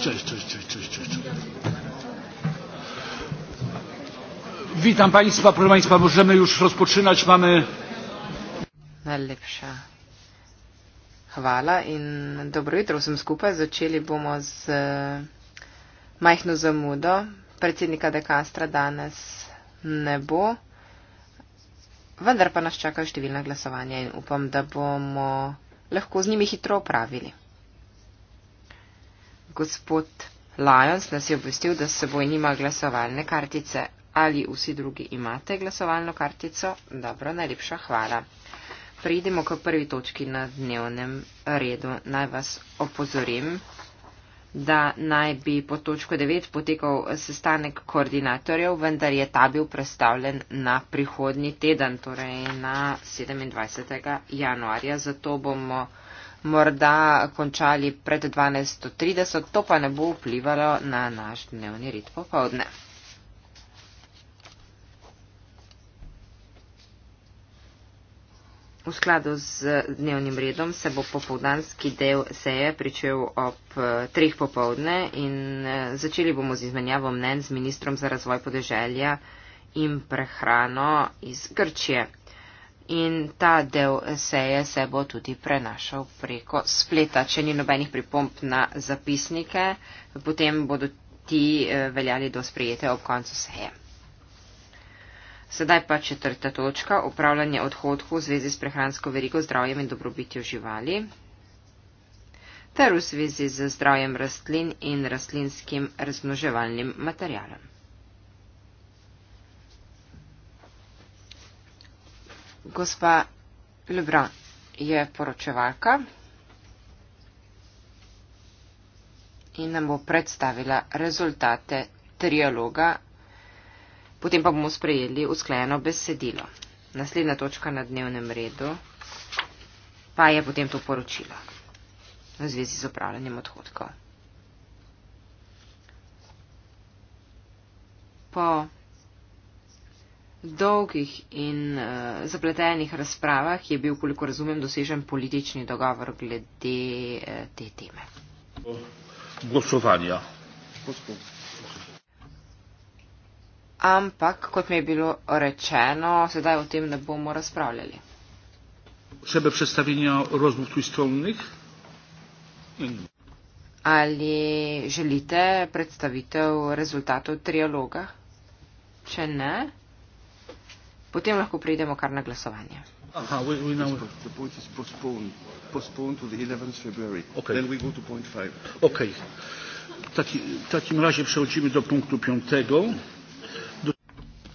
cześć, cześć, cześć, cześć, cześć. Witam Państwa, proszę Państwa, możemy już rozpoczynać. Mamy. Najlepsza. Hvala in dobro jutro vsem skupaj. Začeli bomo z eh, majhno zamudo. Predsednika dekastra danes ne bo, vendar pa nas čaka številna glasovanja in upam, da bomo lahko z njimi hitro opravili gospod Lions nas je obvestil, da s seboj nima glasovalne kartice. Ali vsi drugi imate glasovalno kartico? Dobro, najlepša hvala. Prejdemo k prvi točki na dnevnem redu. Naj vas opozorim, da naj bi po točko 9 potekal sestanek koordinatorjev, vendar je ta bil predstavljen na prihodnji teden, torej na 27. januarja. Zato bomo morda končali pred 12.30, to pa ne bo vplivalo na naš dnevni rit popovdne. V skladu z dnevnim redom se bo popovdanski del seje pričel ob eh, treh popovdne in eh, začeli bomo z izmenjavo mnen z ministrom za razvoj podeželja in prehrano iz Grčije in ta del seje se bo tudi prenašal preko spleta. Če ni nobenih pripomp na zapisnike, potem bodo ti eh, veljali do sprejete ob koncu seje. Sedaj pa četrta točka, upravljanje odhodkov v zvezi s prehransko verigo zdravjem in dobrobitjo živali ter v zvezi z zdravjem rastlin in rastlinskim razmnoževalnim materialom. Gospa Lebrun je poročevalka in nam bo predstavila rezultate trialoga, potem pa bomo sprejeli usklajeno besedilo. Naslednja točka na dnevnem redu pa je potem to poročilo v zvezi z upravljanjem odhodkov. Po dolgih in uh, zapletenih razpravah je bil, koliko razumem, dosežen politični dogovor glede uh, te teme. Glasovanja. Ampak, kot mi je bilo rečeno, sedaj o tem ne bomo razpravljali. Sebe predstavljanja rozmov tu istovnih? In... Ali želite predstavitev rezultatov trialoga? Če ne, potem lahko prejdemo kar na glasovanje. Ok. Takim razem preučimo do punktu 5.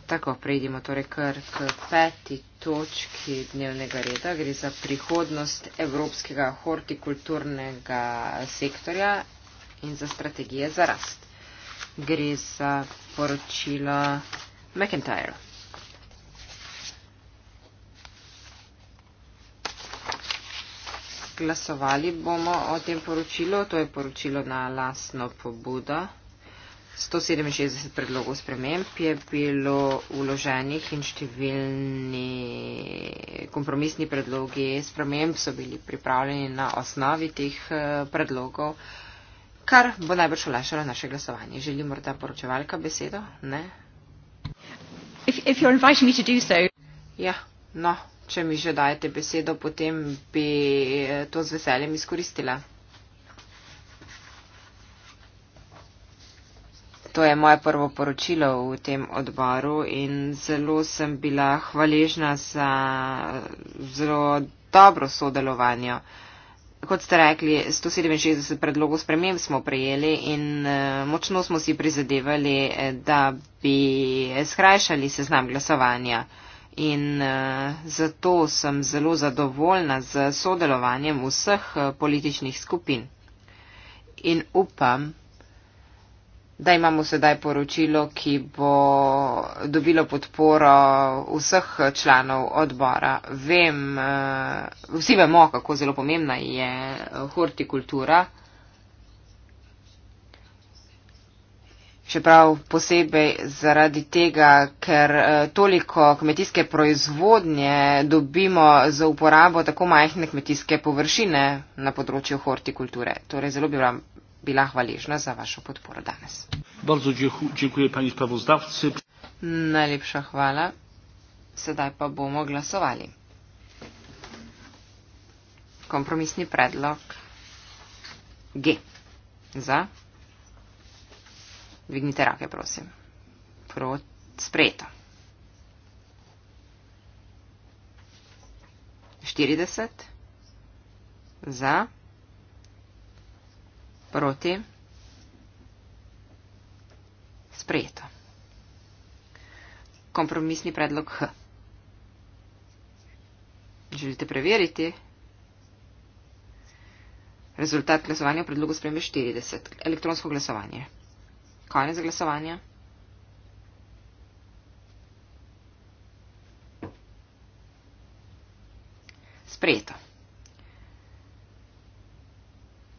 Tako, prejdimo torej kar k peti točki dnevnega reda. Gre za prihodnost evropskega hortikulturnega sektorja in za strategije za rast. Gre za poročilo McIntyre. glasovali bomo o tem poročilu, to je poročilo na lasno pobudo. 167 predlogov sprememb je bilo uloženih in številni kompromisni predlogi sprememb so bili pripravljeni na osnovi teh eh, predlogov, kar bo najbolj šolašalo naše glasovanje. Želi morda poročevalka besedo? Ne? If, if so... Ja, no če mi že dajete besedo, potem bi eh, to z veseljem izkoristila. To je moje prvo poročilo v tem odboru in zelo sem bila hvaležna za zelo dobro sodelovanje. Kot ste rekli, 167 predlogov sprememb smo prejeli in eh, močno smo si prizadevali, eh, da bi skrajšali seznam glasovanja. In eh, zato sem zelo zadovoljna z sodelovanjem vseh eh, političnih skupin. In upam, da imamo sedaj poročilo, ki bo dobilo podporo vseh članov odbora. Vem, eh, vsi vemo, kako zelo pomembna je hortikultura. čeprav posebej zaradi tega, ker eh, toliko kmetijske proizvodnje dobimo z uporabo tako majhne kmetijske površine na področju hortikulture. Torej zelo bi vam bila hvaležna za vašo podporo danes. Najlepša hvala. Sedaj pa bomo glasovali. Kompromisni predlog G. Za. Dvignite rake, prosim. Prvo sprejeto. 40 za, proti, sprejeto. Kompromisni predlog H. Želite preveriti? Rezultat glasovanja v predlogu spreme 40. Elektronsko glasovanje. Konec glasovanja. Sprejeto.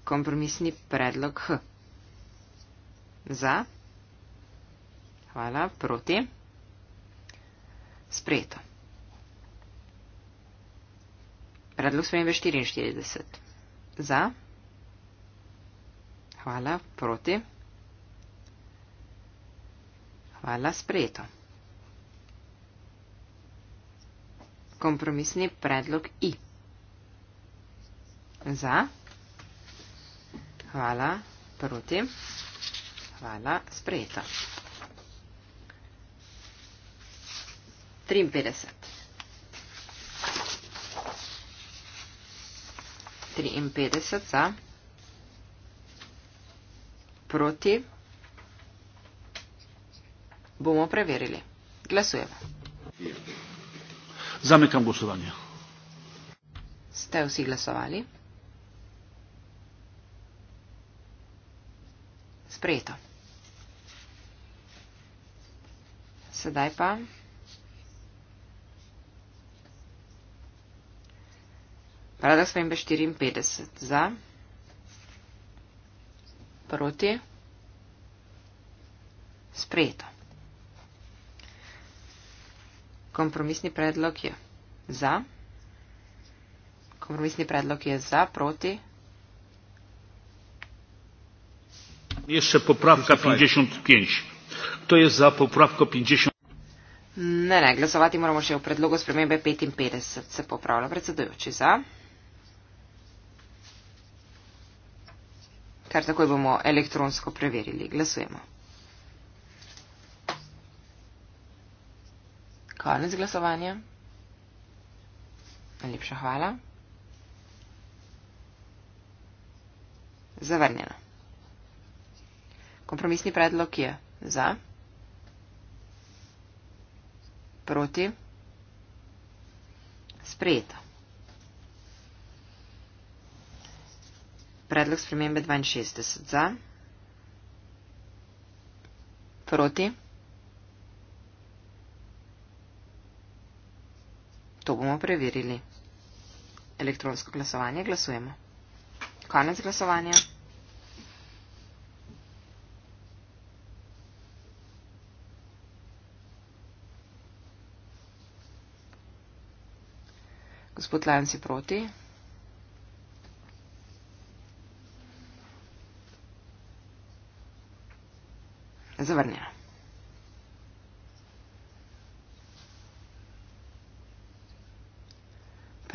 Kompromisni predlog H. Za. Hvala. Proti. Sprejeto. Predlog spremembe 44. Za. Hvala. Proti. Hvala, sprejeto. Kompromisni predlog I. Za. Hvala, proti. Hvala, sprejeto. 53. 53 za. Proti. Bomo preverili. Glasujemo. Zamekam glasovanje. Ste vsi glasovali? Sprejeto. Sedaj pa. Rada smem 54 za. Proti. Sprejeto. Kompromisni predlog je za. Kompromisni predlog je za, proti. Je še popravka 55. To je za popravko 50. Ne, ne, glasovati moramo še v predlogu spremembe 55. Se popravlja predsedujoči za. Kar takoj bomo elektronsko preverili. Glasujemo. Konec glasovanja. Najlepša hvala. Zavrnjeno. Kompromisni predlog je za, proti, sprejeto. Predlog spremembe 62 za, proti. To bomo preverili. Elektronsko glasovanje glasujemo. Konec glasovanja. Gospod Lajon si proti. Zavrnjeno.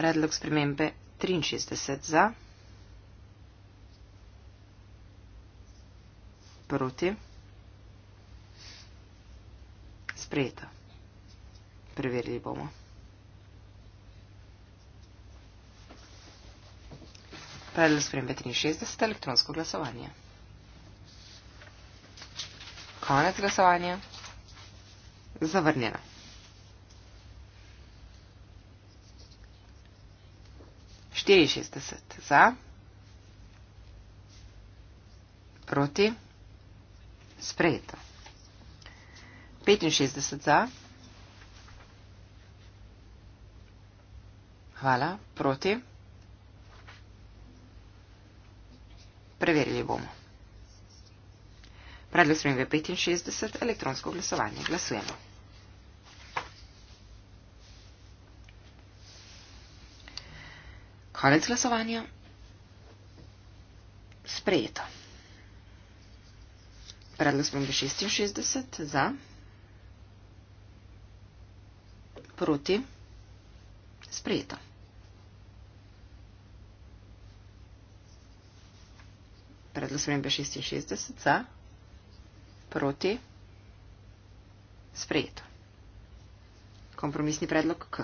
Predlog spremembe 63 za, proti, sprejeta. Preverili bomo. Predlog spremembe 63 elektronsko glasovanje. Konec glasovanja. Zavrnjena. 64 za, proti, sprejeto. 65 za, hvala, proti, preverili bomo. Predlog sprejeme 65, elektronsko glasovanje. Glasujemo. Konec glasovanja. Sprejeto. Predlog smo 66 za, proti, sprejeto. Predlog smo 66 za, proti, sprejeto. Kompromisni predlog K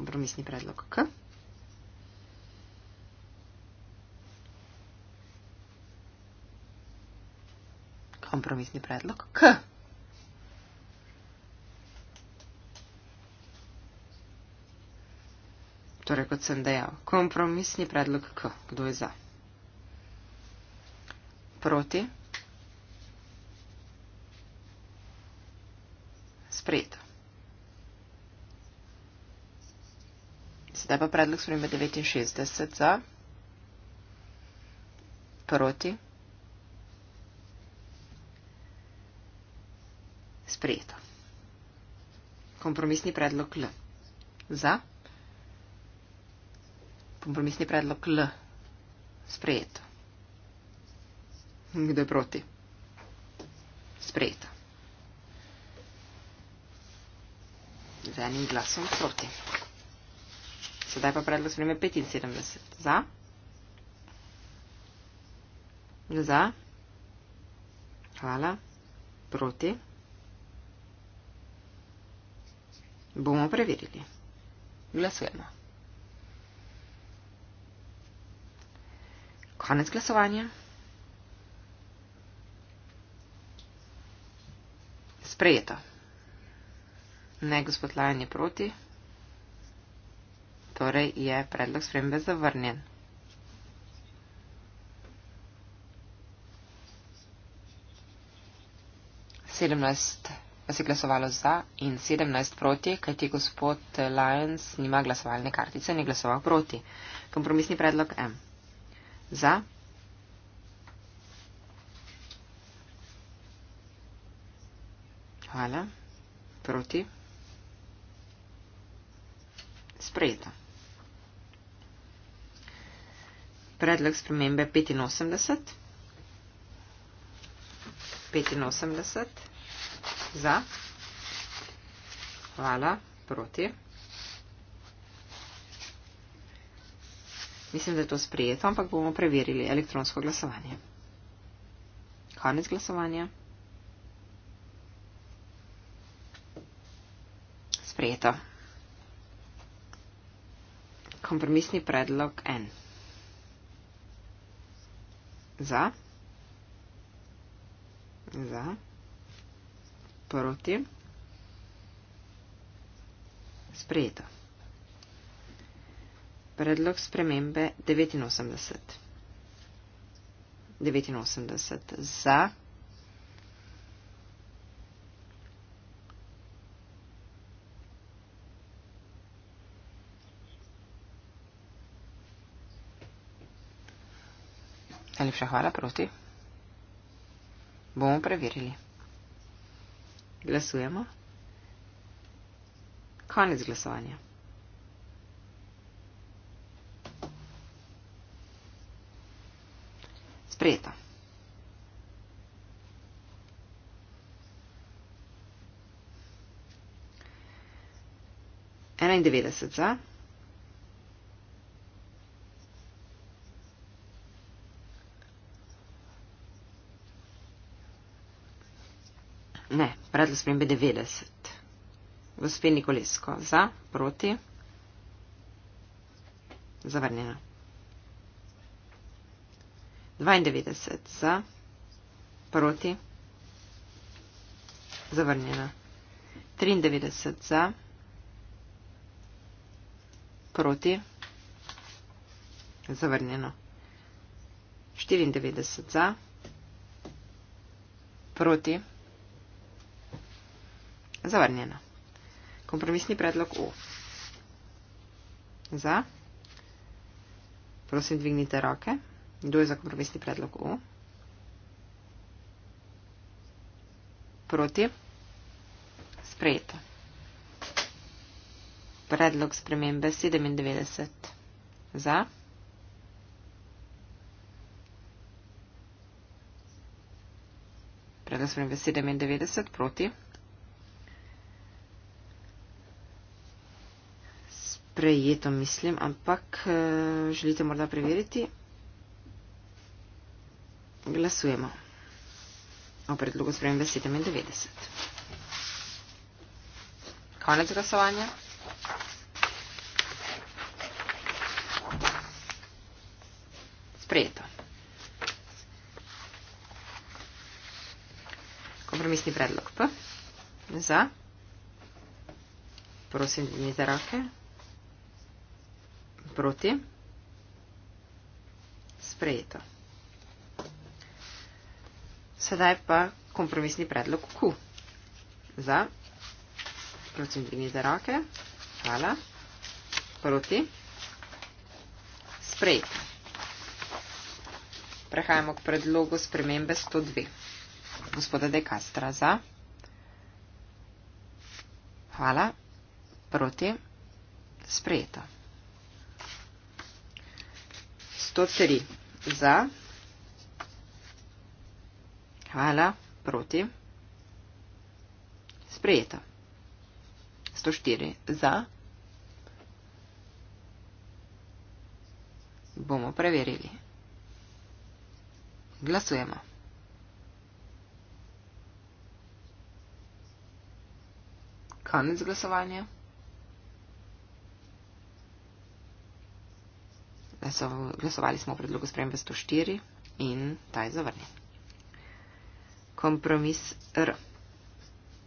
kompromisni predlog K. Kompromisni predlog K. Torej, kot sem dejal, kompromisni predlog K. Kdo je za? Proti? Sprejeto. Zdaj pa predlog spremembe 69 za, proti, sprejeto. Kompromisni predlog L za, kompromisni predlog L sprejeto. Kdo je proti? Sprejeto. Z enim glasom proti. Sedaj pa predlog spremembe 75. Za? Za? Hvala. Proti? Bomo preverili. Glasujemo. Konec glasovanja. Sprejeto. Ne, gospod Lajan je proti torej je predlog spremembe zavrnjen. Sedemnajst se je glasovalo za in sedemnajst proti, kajti gospod Lyons nima glasovalne kartice in je glasoval proti. Kompromisni predlog M. Za. Hvala. Proti. Sprejeto. predlog spremembe 85. 85 za. Hvala. Proti. Mislim, da je to sprejeto, ampak bomo preverili elektronsko glasovanje. Konec glasovanja. Sprejeto. Kompromisni predlog N za, za, proti, sprejeto. Predlog spremembe 89. 89 za. Najlepša hvala, prosti. Bomo preverili. Glasujemo. Konec glasovanja. Sprejeto. Enaindevetdeset za. predlog spremembe 90. Gospe Nikolesko, za, proti, zavrnjena. 92 za, proti, zavrnjena. 93 za, proti, zavrnjeno. 94 za, proti, zavrnjeno. Zavrnjeno. Kompromisni predlog U. Za. Prosim, dvignite roke. Kdo je za kompromisni predlog U? Proti. Sprejeto. Predlog spremembe 97. Za. Predlog spremembe 97. Proti. prejeto, mislim, ampak eh, želite morda preveriti? Glasujemo o predlogu spremembe 97. Konec glasovanja. Sprejeto. Kompromisni predlog P. Za. Prosim, dvignite roke. Okay proti. Sprejeto. Sedaj pa kompromisni predlog Q. Za. Prosim, dvignite roke. Hvala. Proti. Sprejeto. Prehajamo k predlogu spremembe 102. Gospoda De Castra za. Hvala. Proti. Sprejeto. 103 za. Hvala, proti. Sprejeto. 104 za. Bomo preverili. Glasujemo. Konec glasovanja. glasovali smo v predlogu spremembe 104 in ta je zavrnjen. Kompromis R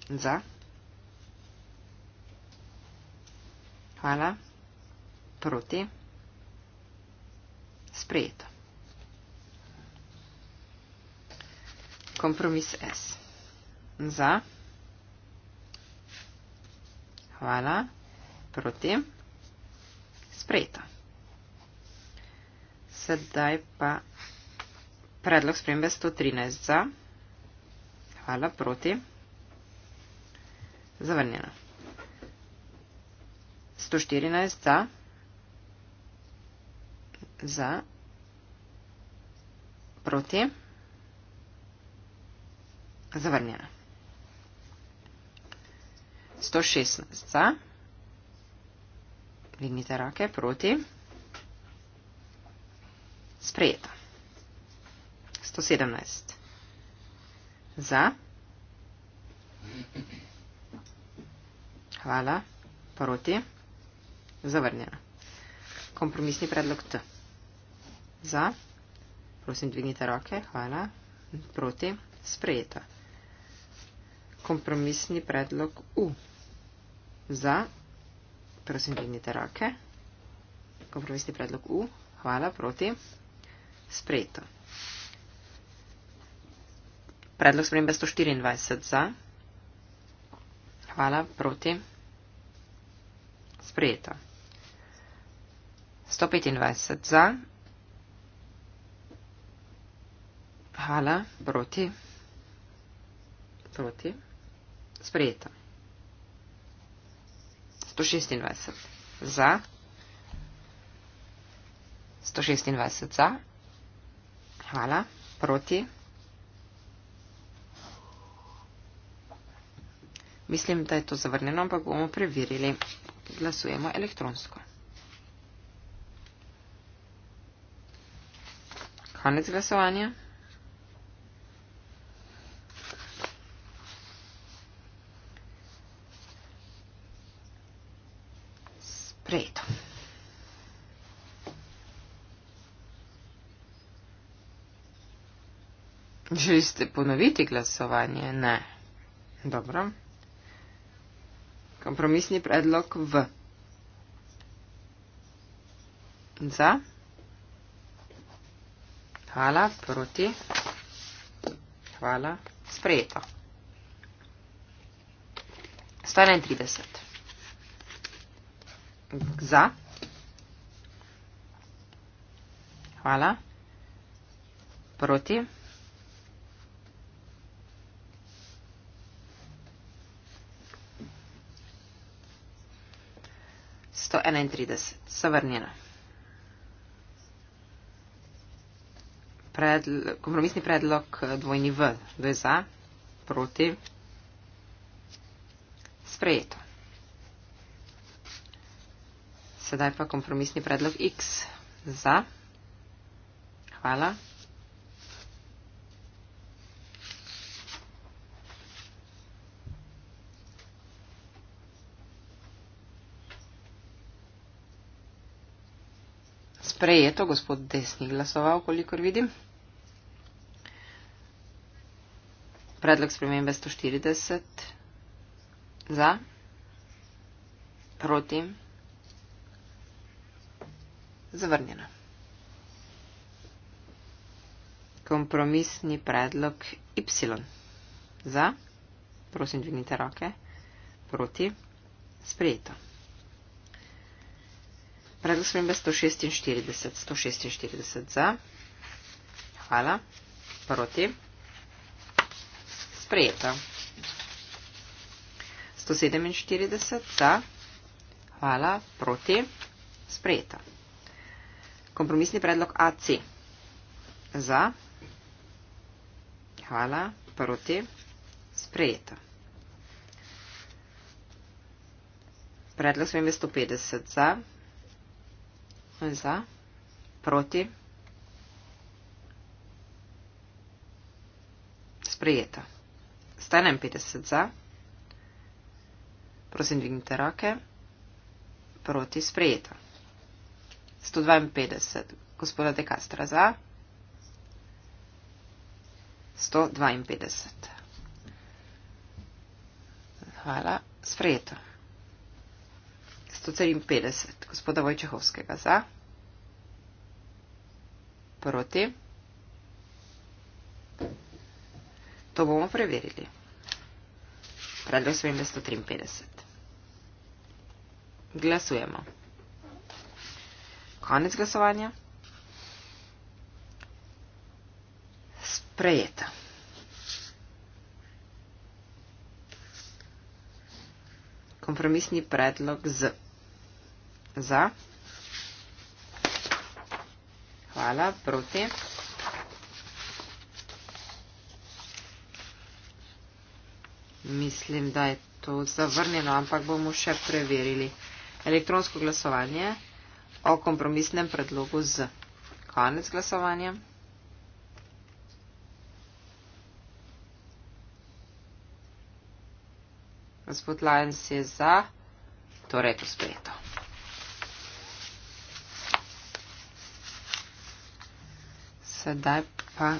za. Hvala. Proti. Sprejeto. Kompromis S. Za. Hvala. Proti. Sprejeto. Sedaj pa predlog spremembe 113 za. Hvala proti. Zavrnjeno. 114 za. Za. Proti. Zavrnjeno. 116 za. Dvignite roke proti. Sprejeto. 117. Za. Hvala. Proti. Zavrnjeno. Kompromisni predlog T. Za. Prosim, dvignite roke. Hvala. Proti. Sprejeto. Kompromisni predlog U. Za. Prosim, dvignite roke. Kompromisni predlog U. Hvala. Proti sprejeto. Predlog spremembe 124 za. Hvala, proti. Sprejeto. 125 za. Hvala, proti. Proti. Sprejeto. 126 za. 126 za. Hvala. Proti? Mislim, da je to zavrneno, ampak bomo preverili. Glasujemo elektronsko. Konec glasovanja. Želite ponoviti glasovanje? Ne. Dobro. Kompromisni predlog v. Za. Hvala, proti. Hvala, sprejeto. Stane 30. Za. Hvala. Proti. 31. Savrnjena. Predlo, kompromisni predlog eh, dvojni V. Kdo je za? Proti? Sprejeto. Sedaj pa kompromisni predlog X. Za? Hvala. sprejeto, gospod desni glasoval, kolikor vidim. Predlog spremembe 140 za, proti, zavrnjeno. Kompromisni predlog Y za, prosim, dvignite roke, proti, sprejeto. Predlog sem 146. 146 za. Hvala. Proti. Sprejeta. 147 za. Hvala. Proti. Sprejeta. Kompromisni predlog AC. Za. Hvala. Proti. Sprejeta. Predlog sem 150 za za, proti, sprejeto. 151 za, prosim dvignite roke, proti, sprejeto. 152 gospoda De Castra za, 152. Hvala, sprejeto. 153, gospoda Vojčehovskega za, proti. To bomo preverili. Predlog spremembe 153. Glasujemo. Konec glasovanja. Sprejeta. Kompromisni predlog z za. Hvala, proti. Mislim, da je to zavrnjeno, ampak bomo še preverili. Elektronsko glasovanje o kompromisnem predlogu z konec glasovanja. Gospod Lajens je za, torej to sprejeto. Sedaj pa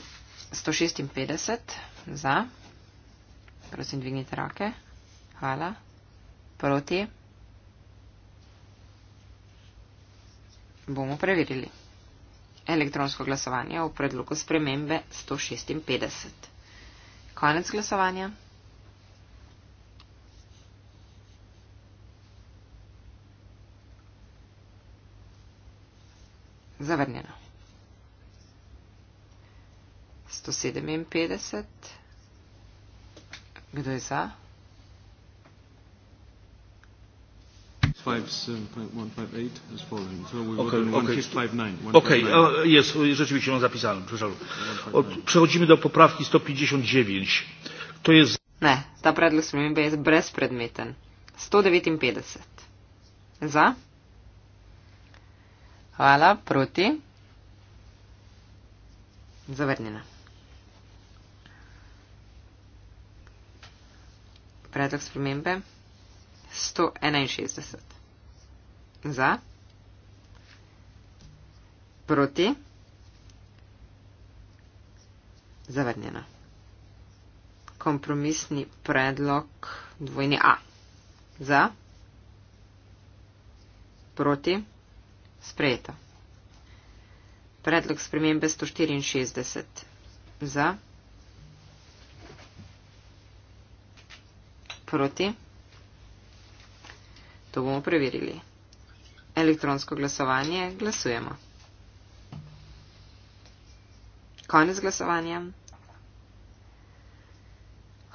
156 za. Prosim, dvignite roke. Hvala. Proti. Bomo preverili. Elektronsko glasovanje v predlogu spremembe 156. Konec glasovanja. Zavrnjeno. 157. Kdo je za? 5.7.158 as following. So we okay, on okay. 5.9. Okay, jest, uh, rzeczywiście ją no, zapisałem, przepraszam. Od, przechodzimy do poprawki 159. Kto jest... Ne, ta predlog smrmimbe jest bezpredmeten. 159. Za? Hvala, proti? Zavrnjena. predlog spremembe 161. Za, proti, zavrnjena. Kompromisni predlog dvojni A. Za, proti, sprejeta. Predlog spremembe 164. Za, proti. proti? To bomo preverili. Elektronsko glasovanje, glasujemo. Konec glasovanja.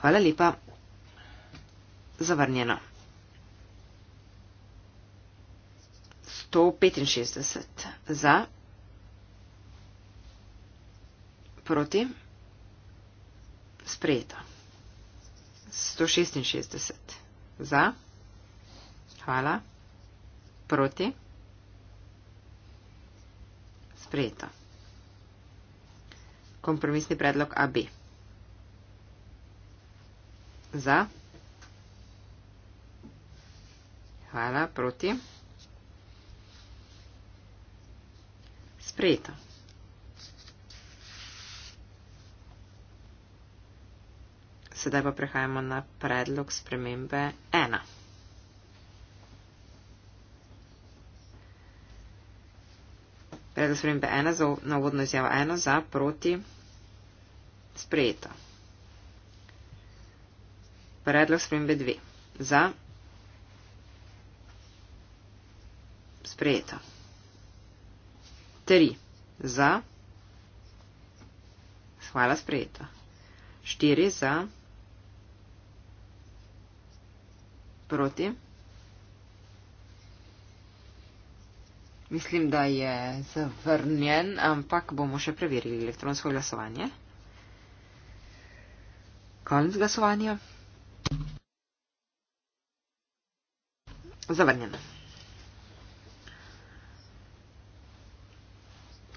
Hvala lepa. Zavrnjeno. 165 za. Proti. Sprejeto. 166. Za? Hvala. Proti? Sprejeto. Kompromisni predlog AB. Za? Hvala. Proti? Sprejeto. Sedaj pa prehajamo na predlog spremembe 1. Predlog spremembe 1 za navodno izjavo 1 za proti sprejeta. Predlog spremembe 2 za sprejeta. 3 za. Hvala sprejeta. 4 za. proti. Mislim, da je zavrnjen, ampak bomo še preverili elektronsko glasovanje. Konec glasovanja. Zavrnjen.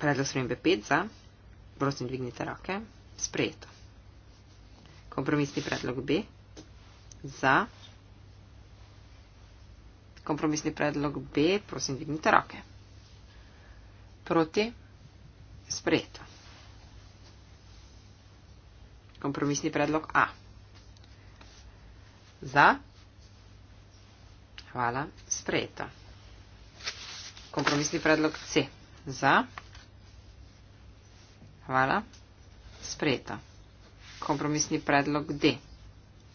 Predlog spremembe 5 za. Prosim, dvignite roke. Sprejeto. Kompromisni predlog B. Za. Kompromisni predlog B, prosim, dvignite roke. Proti. Sprejeto. Kompromisni predlog A. Za. Hvala. Sprejeto. Kompromisni predlog C. Za. Hvala. Sprejeto. Kompromisni predlog D.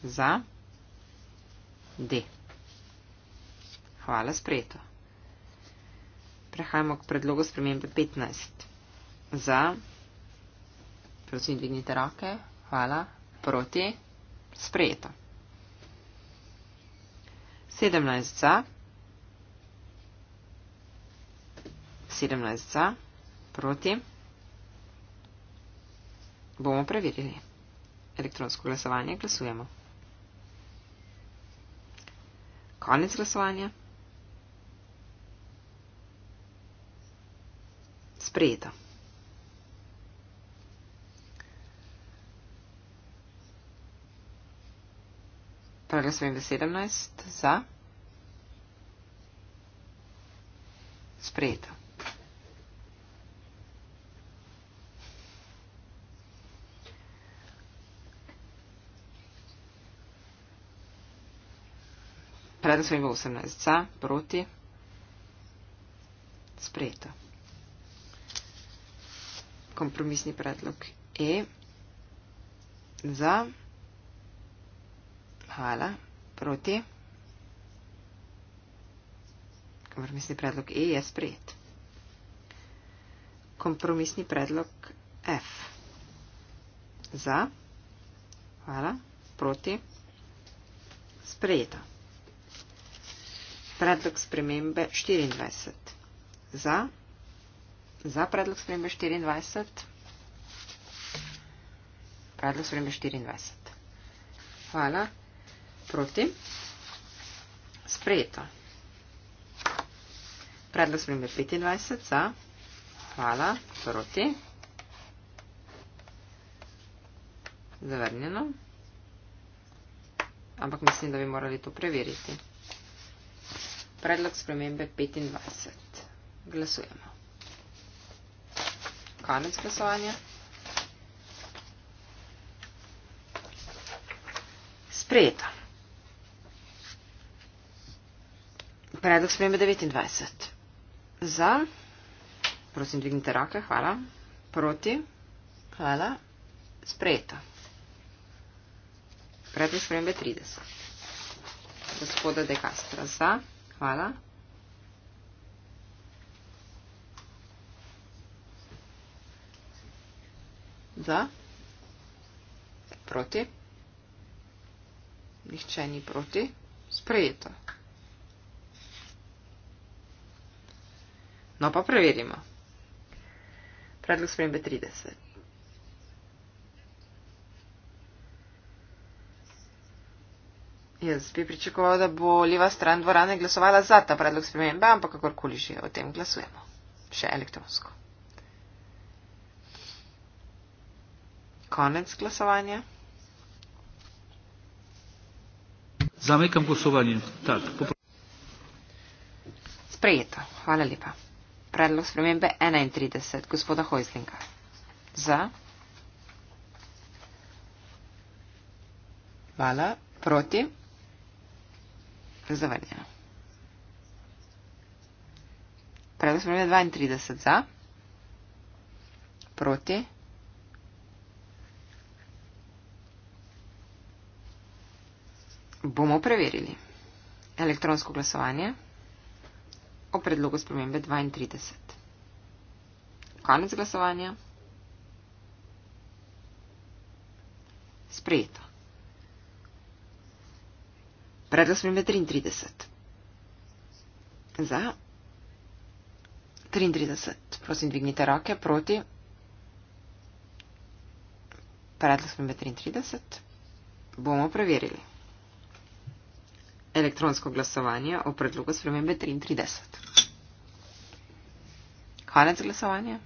Za. D. Hvala, sprejeto. Prehajamo k predlogu spremembe 15. Za. Prosim, dvignite roke. Hvala. Proti. Sprejeto. 17 za. 17 za. Proti. Bomo preverili. Elektronsko glasovanje glasujemo. Konec glasovanja. sprejeta. Preglasujem 17 za. Sprejeta. Predstavljamo 18 za, proti, sprejeta kompromisni predlog E za, hvala, proti. Kompromisni predlog E je sprejet. Kompromisni predlog F za, hvala, proti, sprejeto. Predlog spremembe 24 za, hvala, proti za predlog spremembe 24. Predlog spremembe 24. Hvala. Proti. Sprejeto. Predlog spremembe 25. Za. Hvala. Proti. Zavrnjeno. Ampak mislim, da bi morali to preveriti. Predlog spremembe 25. Glasujemo konec glasovanja. Sprejeto. Predlog spremembe 29. Za. Prosim, dvignite roke. Hvala. Proti. Hvala. Sprejeto. Predlog spremembe 30. Gospoda De Castro. Za. Hvala. za, proti, nihče ni proti, sprejeto. No pa preverimo. Predlog spremembe 30. Jaz bi pričakoval, da bo leva stran dvorane glasovala za ta predlog spremembe, ampak kakorkoli že o tem glasujemo. Še elektronsko. konec glasovanja. Zamekam glasovanje. Sprejeto. Hvala lepa. Predlog spremembe 31. Gospoda Hojzlinga. Za. Hvala. Proti. Zavrnjeno. Predlog spremembe 32. Za. Proti. Bomo preverili. Elektronsko glasovanje o predlogu spremembe 32. Konec glasovanja. Sprejeto. Predlog spremembe 33. Za. 33. Prosim, dvignite roke proti. Predlog spremembe 33. Bomo preverili elektronsko glasovanje o predlogu spremembe 33. Konec glasovanja.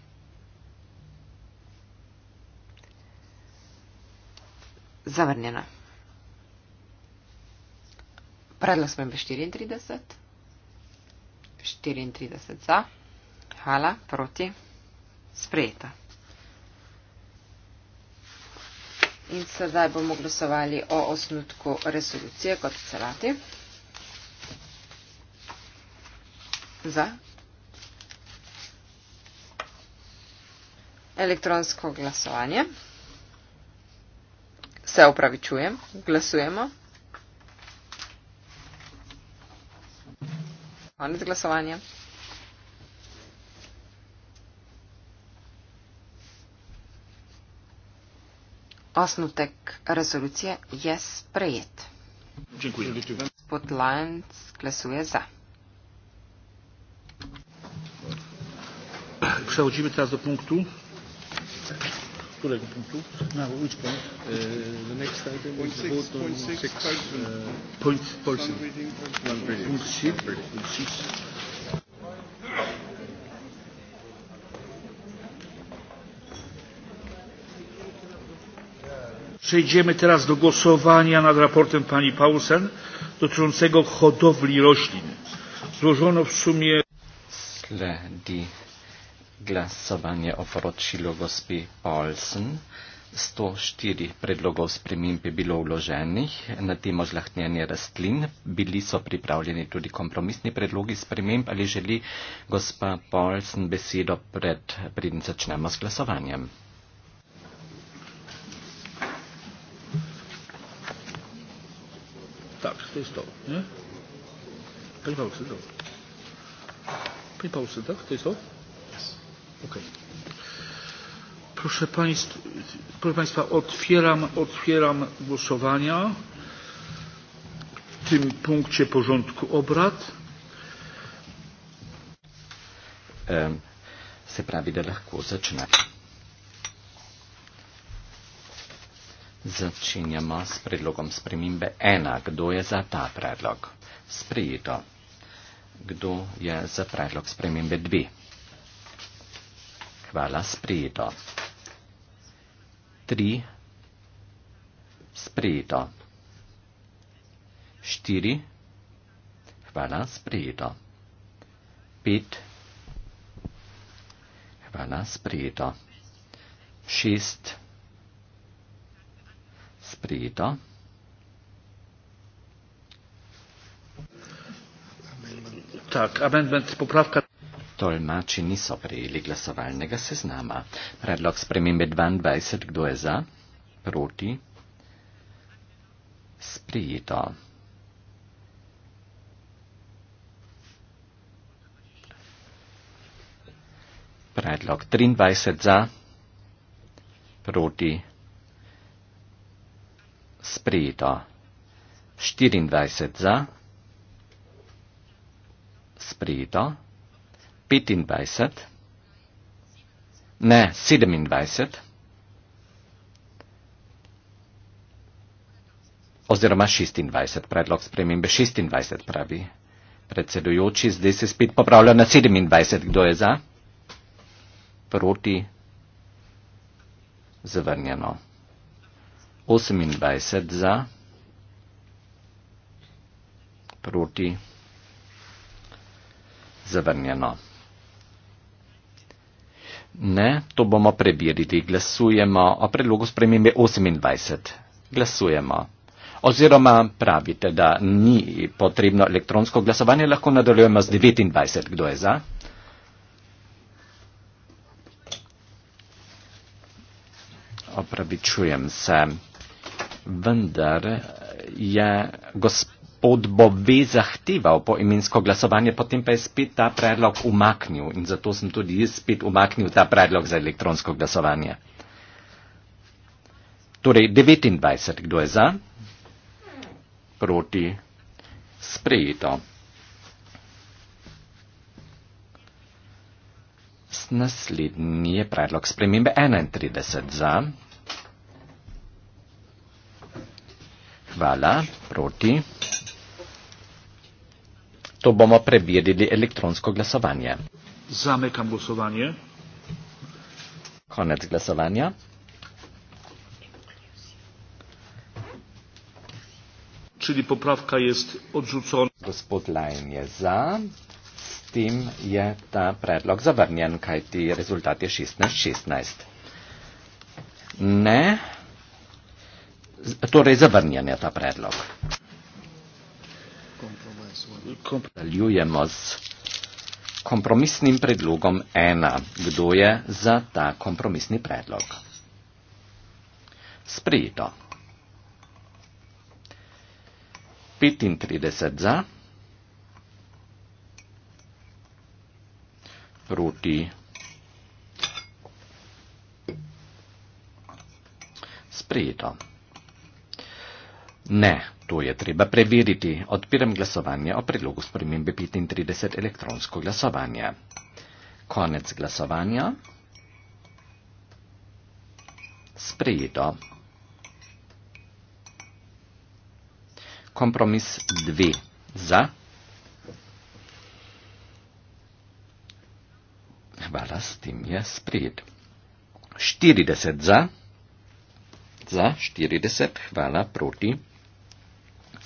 Zavrnjena. Predlog spremembe 34. 34 za. Hvala. Proti. Sprejeta. In sedaj bomo glasovali o osnutku resolucije kot celati. za elektronsko glasovanje. Se opravičujem, glasujemo. Konec glasovanja. Osnutek rezolucije je sprejet. Dziękuję. Spot Lyons glasuje za. przechodzimy teraz do punktu. Którego punktu? Na no, which point? E, the next item point is vote on six, six uh, point, e, point, point, point, point, point, Przejdziemy teraz do głosowania nad raportem pani Paulsen dotyczącego hodowli roślin. Złożono w sumie glasovanje o poročilu gospi Paulsen. 104 predlogov sprememb je bilo vloženih na temo zlahnjenja rastlin. Bili so pripravljeni tudi kompromisni predlogi sprememb. Ali želi gospa Paulsen besedo pred, preden začnemo s glasovanjem? Tak, ste isto, ne? Pripravljate se, da. Pripravljate se, da, ste isto. Proszę Państwa, otwieram, otwieram głosowania w tym punkcie porządku obrad. Se pravidelach kło zaczyna. Začenjamo s predlogom spremembe 1. Kdo je za ta predlog? Sprijeto. Kdo je za predlog spremembe 2? hvala spredo. 3. Spredo. 4. Hvala spredo. 5. Hvala spredo. 6. Spredo. Tak, amendment, poprawka tolmači niso prijeli glasovalnega seznama. Predlog spremembe 22, kdo je za? Proti? Sprijeto. Predlog 23 za, proti, sprejeto. 24 za, sprejeto. 25, ne 27, oziroma 26 predlog spremembe. 26 pravi predsedujoči, zdaj se spet popravlja na 27. Kdo je za? Proti? Zavrnjeno. 28 za? Proti? Zavrnjeno. Ne, to bomo preverili. Glasujemo o predlogu spremembe 28. Glasujemo. Oziroma pravite, da ni potrebno elektronsko glasovanje, lahko nadaljujemo z 29. Kdo je za? Opravičujem se. Vendar je gospod gospod Bove zahteval poimensko glasovanje, potem pa je spet ta predlog umaknil in zato sem tudi jaz spet umaknil ta predlog za elektronsko glasovanje. Torej 29, kdo je za? Proti. Sprejeto. Naslednji je predlog spremembe 31 za. Hvala. Proti to bomo preverili elektronsko glasovanje. Zamekam glasovanje. Konec glasovanja. Čili popravka je odrzucena. Gospod Lajn je za, s tem je ta predlog zavrnjen, kajti rezultat je 16-16. Ne, torej zavrnjen je ta predlog kompromisujemo z kompromisnim predlogom ena. Kdo je za ta kompromisni predlog? Sprijeto. 35 za, proti 35. Ne, To je treba preveriti. Odpiram glasovanje o predlogu spremembe 35 elektronsko glasovanje. Konec glasovanja. Sprejeto. Kompromis 2 za. Hvala, s tem je sprejet. 40 za. Za 40, hvala, proti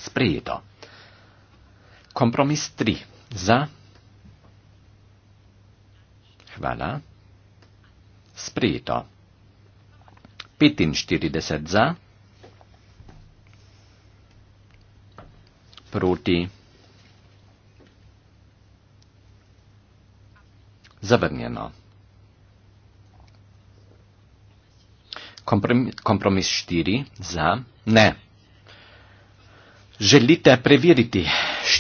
sprejeto. Kompromis 3. Za. Hvala. Sprejeto. 45 za. Proti. Zavrnjeno. Kompromis 4 za ne. Želite preveriti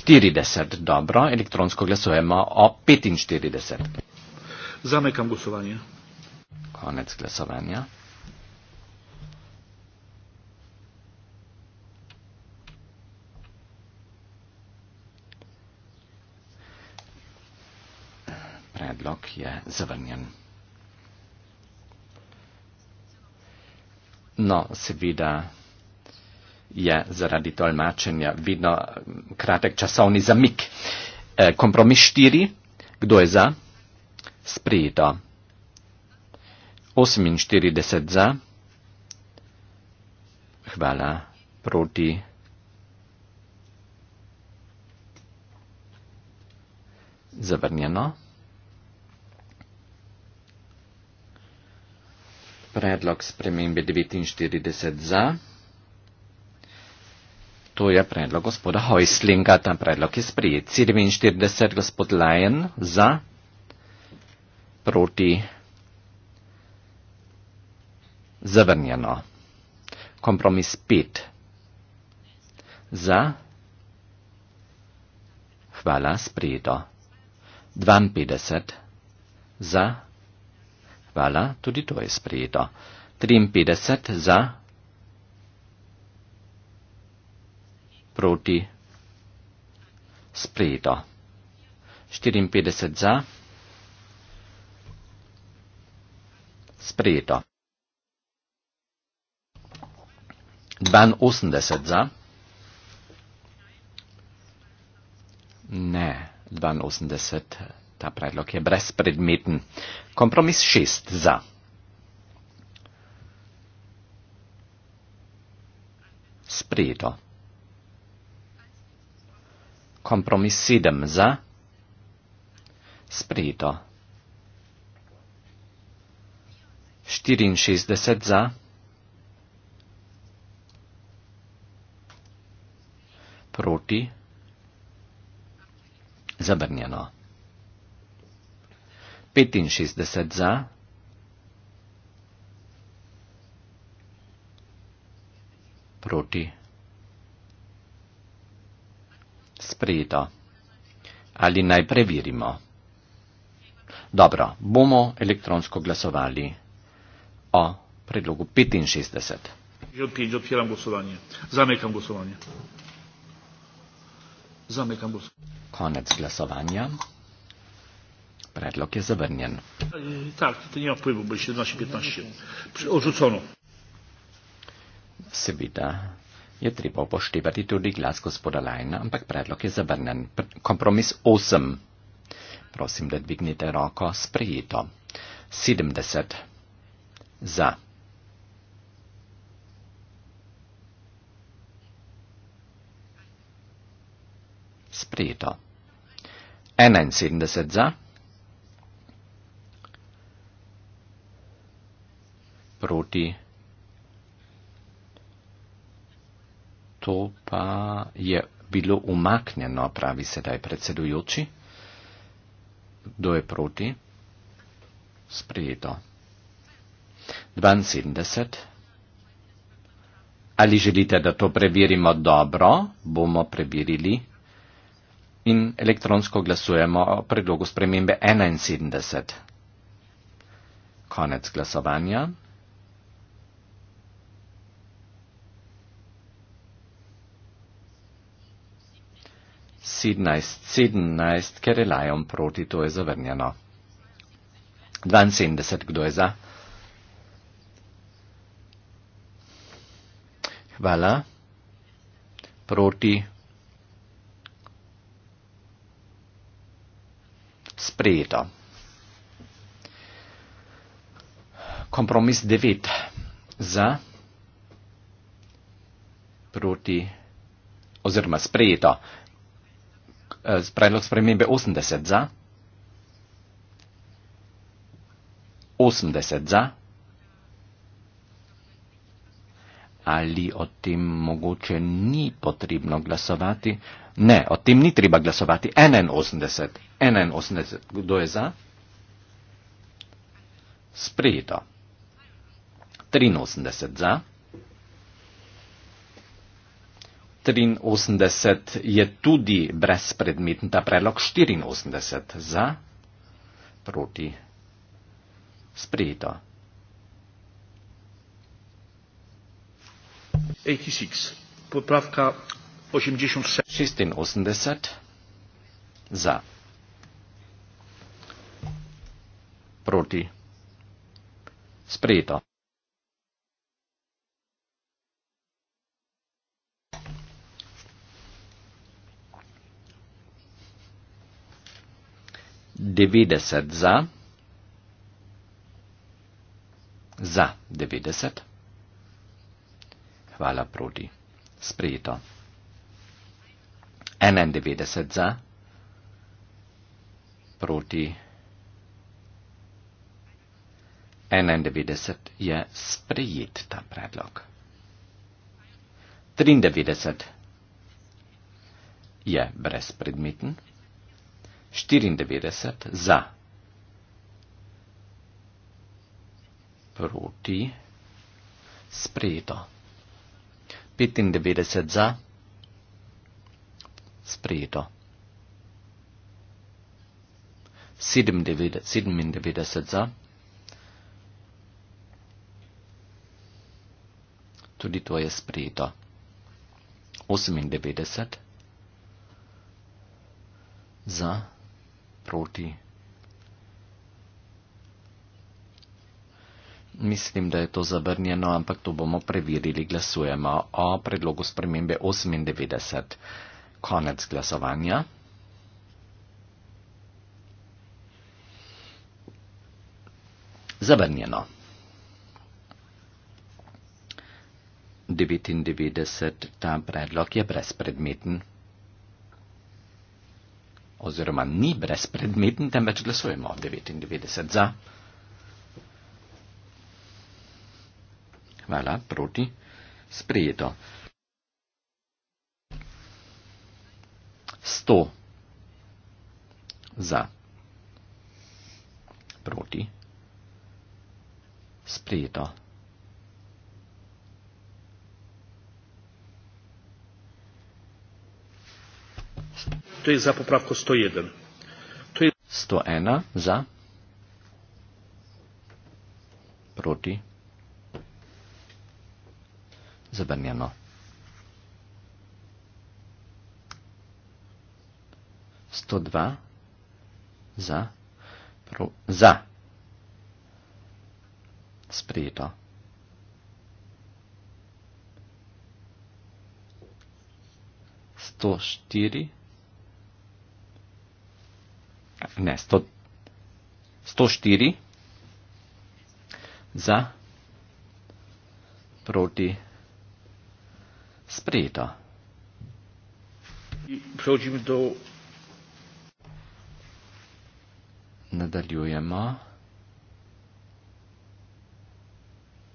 40? Dobro, elektronsko glasujemo o 45. Zamekam glasovanje. Konec glasovanja. Predlog je zavrnjen. No, seveda je zaradi tolmačenja vedno mm, kratek časovni zamik. Eh, kompromis štiri, kdo je za? Sprejeto. 48 za. Hvala proti. Zavrnjeno. Predlog spremembe 49 za. To je predlog gospoda Hojslinga. Ta predlog je sprijet. 47 gospod Lajen za proti zavrnjeno. Kompromis 5 za hvala sprijeto. 52 za hvala, tudi to je sprijeto. 53 za hvala. proti sprejeto. 54 za. Sprejeto. 82 za. Ne, 82, ta predlog je brezpredmeten. Kompromis 6 za. Sprejeto kompromis sedem za, sprejeto. 64 za, 1 proti, zabrnjeno. 65 za, 1 proti, zabrnjeno sprejeto. Ali naj preverimo? Dobro, bomo elektronsko glasovali o predlogu 65. Že odpiš, že odpiram glasovanje. Zamekam glasovanje. Zamekam glasovanje. Konec glasovanja. Predlog je zavrnjen. Tak, to nima pojma, bo še 2015. Odrzucono. Seveda je treba upoštevati tudi glas gospoda Lajna, ampak predlog je zavrnen. Kompromis 8. Prosim, da dvignete roko. Sprejeto. 70. Za. Sprejeto. 71 za. Proti to pa je bilo umaknjeno, pravi sedaj predsedujoči. Kdo je proti? Sprejeto. 72. Ali želite, da to preverimo dobro, bomo preverili in elektronsko glasujemo o predlogu spremembe 71. Konec glasovanja. 17.17, ker je lajom proti, to je zavrnjeno. 72, kdo je za? Hvala. Proti. Sprejeto. Kompromis 9. Za. Proti. Oziroma sprejeto. Eh, predlog spremembe 80 za. 80 za. Ali o tem mogoče ni potrebno glasovati? Ne, o tem ni treba glasovati. 81. 81. Kdo je za? Sprejeto. 83 za. 83 je tudi brezpredmeten ta predlog 84 za proti sprejeto. Popravka 86. 86 za proti sprejeto. 90 za, za 90, hvala proti, sprejeto. 91 za, proti 91 je sprejet ta predlog. 93 je brezpredmeten. 94 za, proti, sprejeto. 95 za, sprejeto. 97 za, tudi to je sprejeto. 98 za, sprejeto proti. Mislim, da je to zabrnjeno, ampak to bomo preverili. Glasujemo o predlogu spremembe 98. Konec glasovanja. Zabrnjeno. 99. Ta predlog je brezpredmeten oziroma ni brezpredmeten, temveč glasujemo 99 za. Hvala, proti. Sprijeto. 100 za. Proti. Sprijeto. kto jest za poprawką 101? Kto jest... 101 za. Proti. Zabraniano. 102 za. Pro... Za. Sprijeto. Sto štiri ne, 100, 104 za proti sprejeto. Prehodim do. Nadaljujemo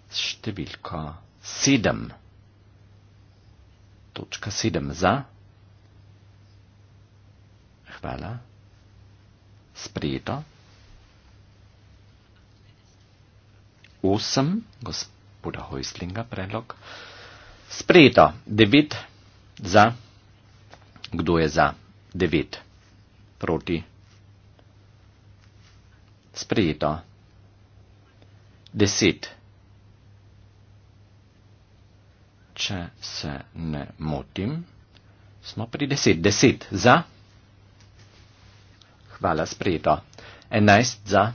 s številko 7. Točka 7 za. Hvala sprejeto. Osem, gospoda Hojslinga predlog. Sprejeto. Devet za. Kdo je za? Devet proti. Sprejeto. Deset. Če se ne motim, smo pri deset. Deset za hvala spredo. 11 za,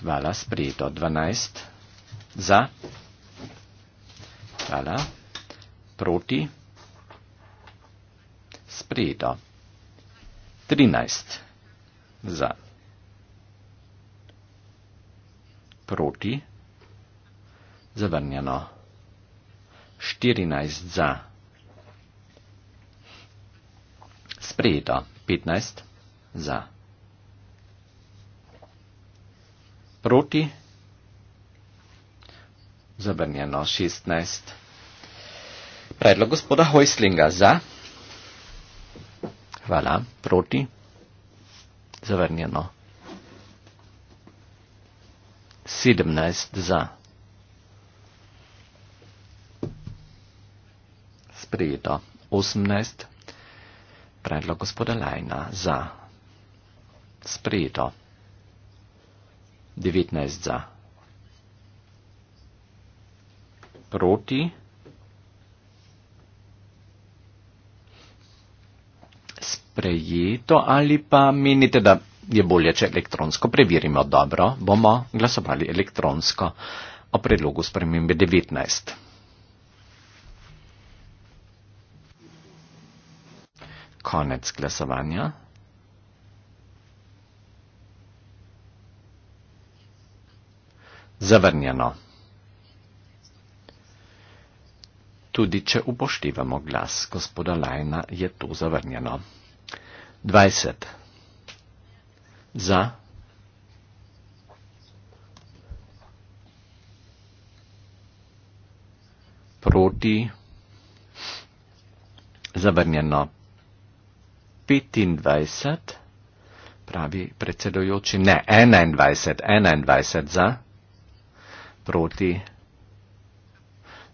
hvala spredo. 12 za, hvala, proti, spredo. 13 za, proti, zavrnjeno. 14 za, spredo. 15 za. Proti, zabrnjeno 16. Predlog gospoda Hojslinga za. Hvala, proti, zavrnjeno. 17 za. Sprejeto 18 predlog gospoda Lajna za. Sprejeto. 19 za. Proti. 19. Prejeto ali pa menite, da je bolje, če elektronsko preverimo dobro, bomo glasovali elektronsko o predlogu spremembe 19. konec glasovanja. Zavrnjeno. Tudi če upoštevamo glas gospoda Lajna, je to zavrnjeno. 20. Za. 25, pravi predsedojoči, ne 21, 21 za, proti,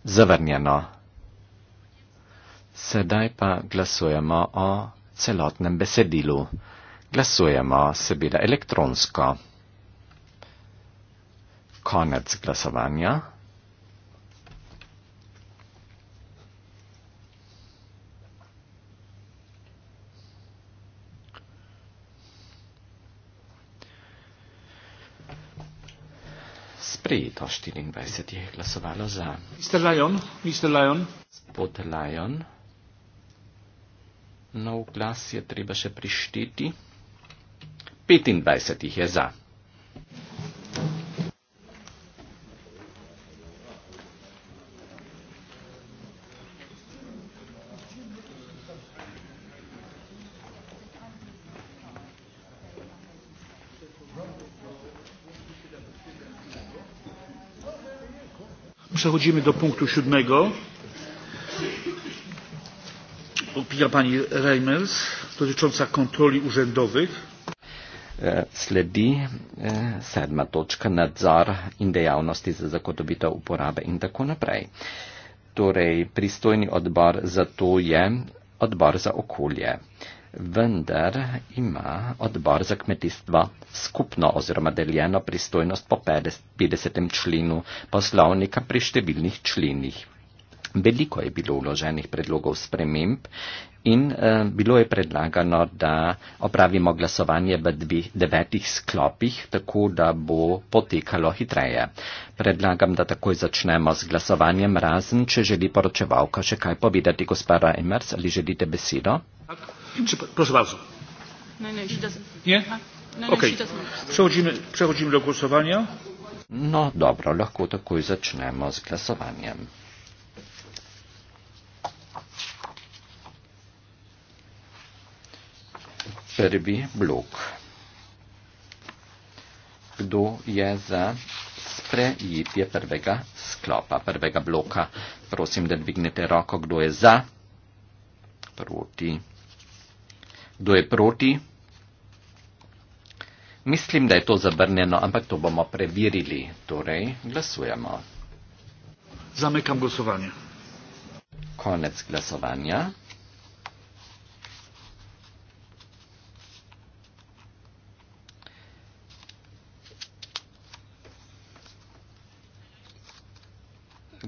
zavrnjeno. Sedaj pa glasujemo o celotnem besedilu. Glasujemo seveda elektronsko. Konec glasovanja. sprejeto, 24 je glasovalo za. Mr. Lyon, Mr. Lyon. Gospod Lyon, nov glas je treba še prišteti. 25 jih je za. Przechodzimy do punktu siódmego. Opinia pani Reimers dotycząca kontroli urzędowych. E, sledi e, sedma točka nadzor in dejavnosti za zakotobitev uporabe in tako naprej. Torej, pristojni odbor za to je odbor za okolje vendar ima odbor za kmetijstvo skupno oziroma deljeno pristojnost po 50. členu poslovnika pri številnih členih. Veliko je bilo uloženih predlogov sprememb in eh, bilo je predlagano, da opravimo glasovanje v dvih, devetih sklopih, tako da bo potekalo hitreje. Predlagam, da takoj začnemo z glasovanjem, razen če želi poročevalka še kaj povedati, gospoda Emers, ali želite besedo? Tak. No, no, no, przechodzimy do głosowania. No dobra, lekko tak zaczynamy z głosowaniem. Pierwszy blok. Kto jest za przyjęciem pierwszego sklopa, pierwszego bloka? Proszę, da dźwignete rękę, kto jest za? Proti kdo je proti. Mislim, da je to zabrnjeno, ampak to bomo preverili. Torej, glasujemo. Zamekam glasovanje. Konec glasovanja.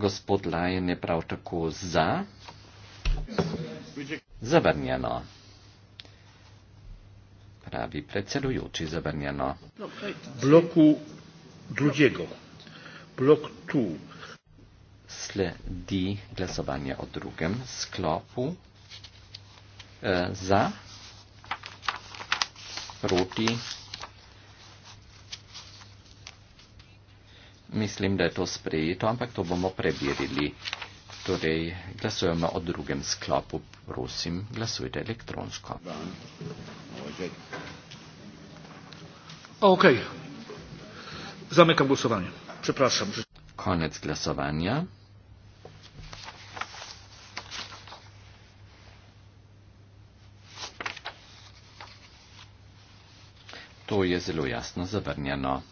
Gospod Lajen je prav tako za. Zavrnjeno pravi predsedujoči zabrnjeno. Bloku drugega. Blok tu. Sledi glasovanje o drugem sklopu eh, za, proti. Mislim, da je to sprejeto, ampak to bomo preverili. Torej, glasujemo o drugem sklopu. Prosim, glasujte elektronsko. Ok. Zamekam glasovanje. Prepraszam. Koniec glasovanja. To je zelo jasno zavrnjeno.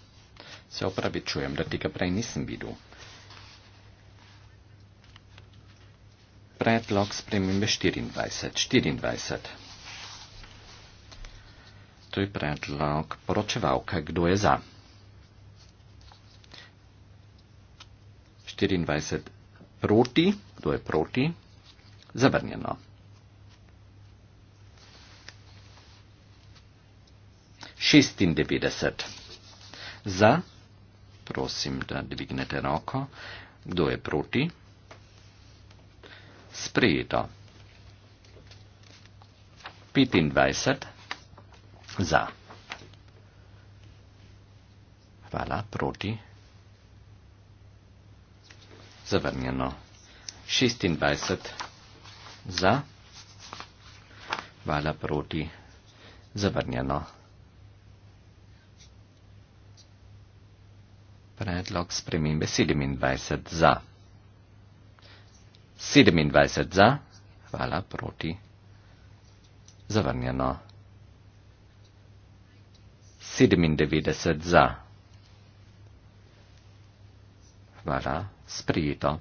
Se opravičujem, da tega prej nisem videl. predlog spremembe 24. 24. To je predlog poročevalka, kdo je za. 24. Proti, kdo je proti, zavrnjeno. 96. Za, prosim, da dvignete roko, kdo je proti sprejeto. 25 za. Hvala, proti. Zavrnjeno. 26 za. Hvala, proti. Zavrnjeno. Predlog spremembe 27 za. 27 za, hvala proti, zavrnjeno. 97 za, hvala, sprijeto.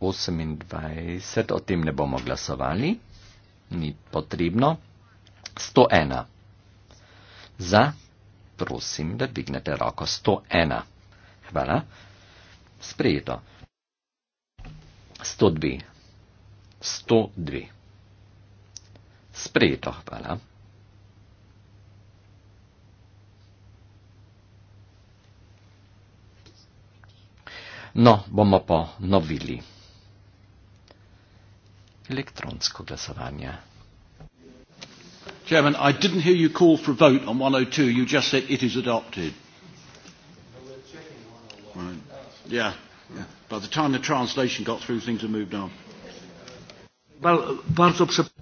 28, o tem ne bomo glasovali, ni potrebno. 101 za, prosim, da dvignete roko. 101, hvala, sprijeto. 102. 102. Sprejeto, hvala. No, bomo ponovili. Elektronsko glasovanje. Chairman, I didn't hear you call for a vote on 102. You just said it is adopted. Well, we're checking 101. Right. Yeah. yeah. By the time the translation got through, things had moved on.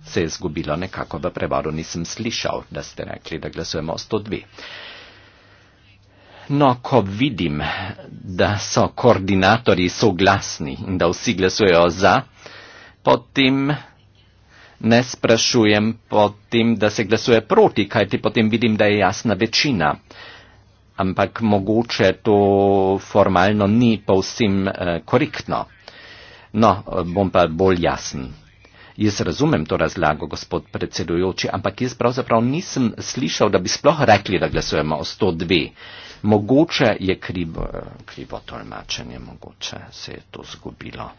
Se je zgubilo nekako v prevaru, nisem slišal, da ste rekli, da glasujemo o 102. No, ko vidim, da so koordinatorji soglasni in da vsi glasujejo za, potem ne sprašujem potem, da se glasuje proti, kajti potem vidim, da je jasna večina ampak mogoče to formalno ni povsem eh, korektno. No, eh, bom pa bolj jasen. Jaz razumem to razlago, gospod predsedujoči, ampak jaz pravzaprav nisem slišal, da bi sploh rekli, da glasujemo o 102. Mogoče je krivo, eh, krivo tolmačenje, mogoče se je to zgubilo.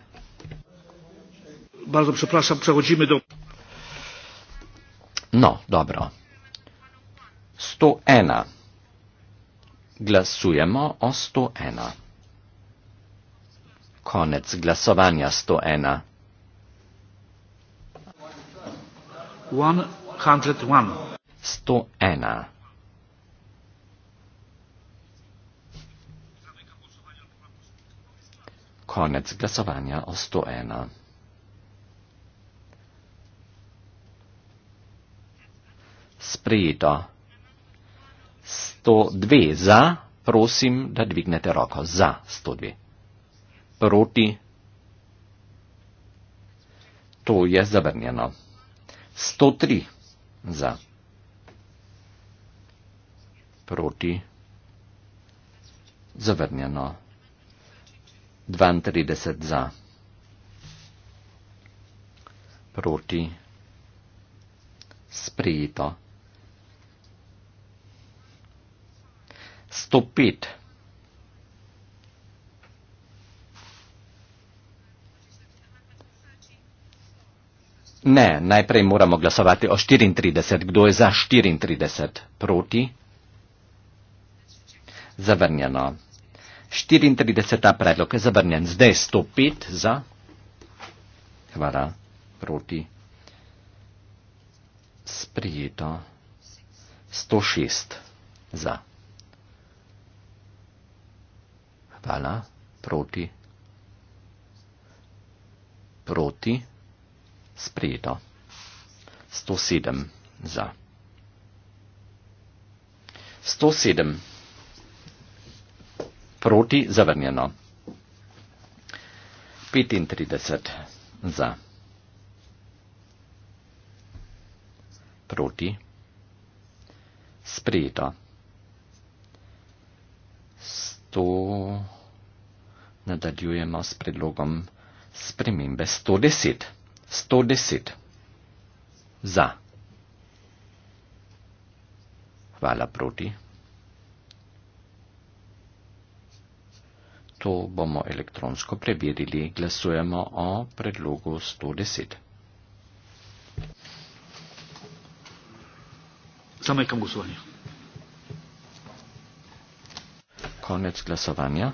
No, dobro. 101. Glasujemo o 101. Konec glasovanja 101. 101. Konec glasovanja o 101. Sprejeto. 102 za, prosim, da dvignete roko. Za 102. Proti. To je zavrnjeno. 103 za. Proti. Zavrnjeno. 32 za. Proti. Sprejeto. 105. Ne, najprej moramo glasovati o 34. Kdo je za 34? Proti? Zavrnjeno. 34. predlog je zavrnjen. Zdaj 105 za. Hvala. Proti. Sprijeto. 106 za. Hvala. Proti. Proti. Sprejeto. 107 za. 107. Proti. Zavrnjeno. 35 za. Proti. Sprejeto zato nadaljujemo s predlogom spremembe 110. 110 za. Hvala proti. To bomo elektronsko preverili. Glasujemo o predlogu 110. Samo je kam glasovanje. koniec glasovanja.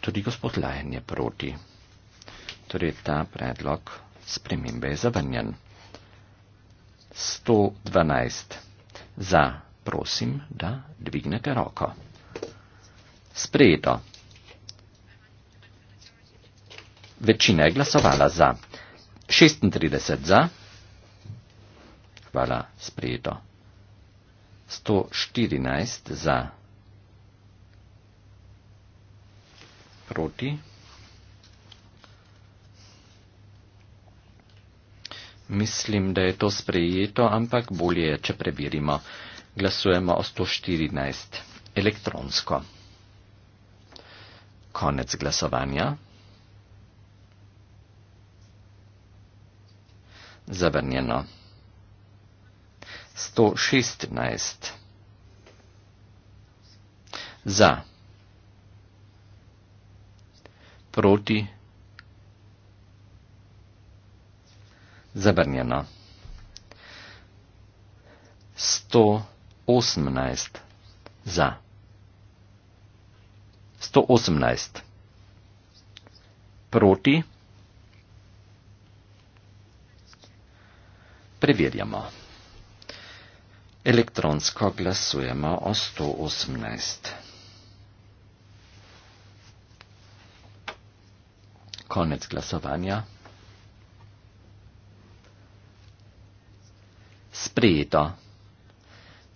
Tudi gospod Lajen je proti. Torej ta predlog spremembe je zavrnjen. 112. Za. Prosim, da dvignete roko. Sprejeto. Večina je glasovala za. 36 za. Hvala. Sprejeto. 114 za, proti. Mislim, da je to sprejeto, ampak bolje je, če preverimo. Glasujemo o 114 elektronsko. Konec glasovanja. Zavrnjeno. 116 za, proti, zabrnjeno. 118 za, 118 proti, preverjamo elektronsko glasujemo o 118. Konec glasovanja. Sprijeto.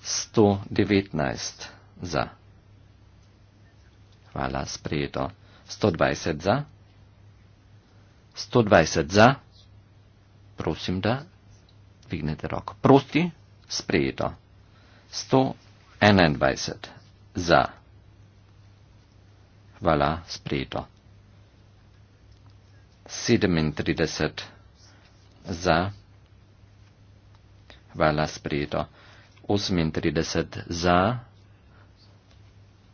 119 za. Hvala, sprijeto. 120 za. 120 za. Prosim, da dvignete roko. Prosti sprejeto. 121 za. Hvala, sprejeto. 37 za. Hvala, sprejeto. 38 za.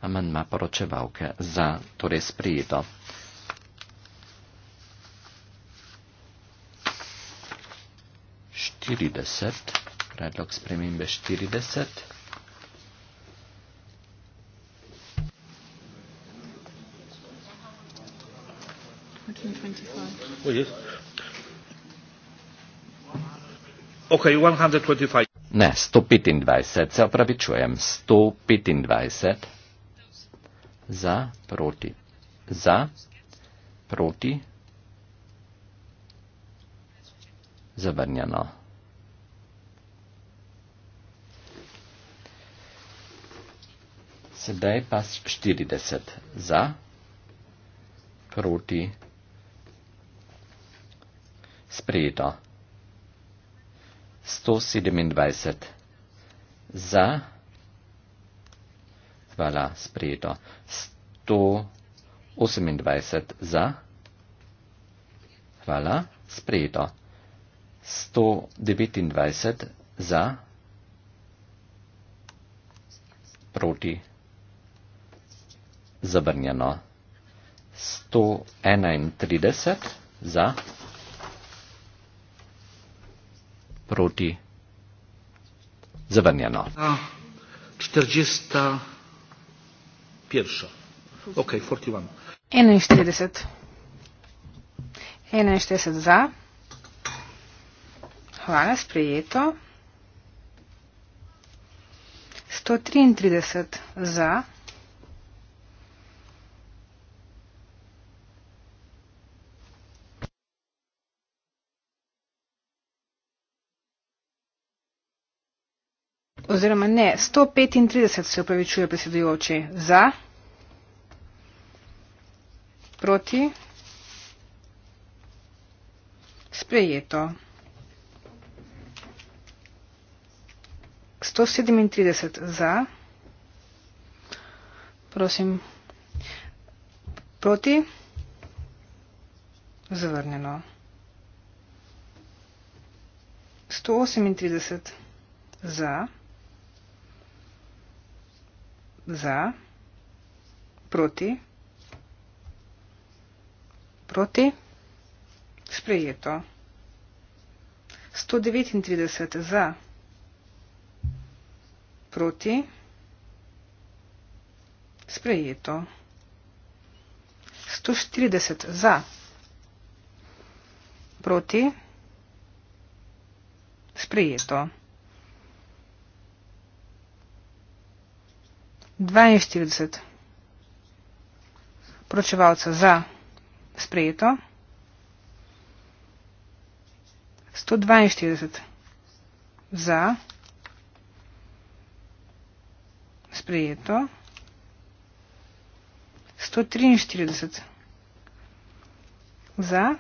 Amandma poročevalke za, torej sprejeto. Štirideset predlog spremembe 40. Okay, 125. Ne, 125, se opravičujem. 125 za, proti. Za, proti, zavrnjeno. 125. Sedaj pa 40 za, proti, sprejeto. 127 za, hvala, sprejeto. 128 za, hvala, sprejeto. 129 za, proti zavrnjeno. 131 za, proti, zavrnjeno. 41. Ok, 41. 41. 41 za. Hvala, sprejeto. 133 za. oziroma ne, 135 se upravičuje predsedujoči za, proti, sprejeto. 137 za, prosim, proti, zavrnjeno. 138 za, za, proti, proti, sprejeto. 139 za, proti, sprejeto. 140 za, proti, sprejeto. 42 poročevalcev za sprejeto, 142 za sprejeto, 143 za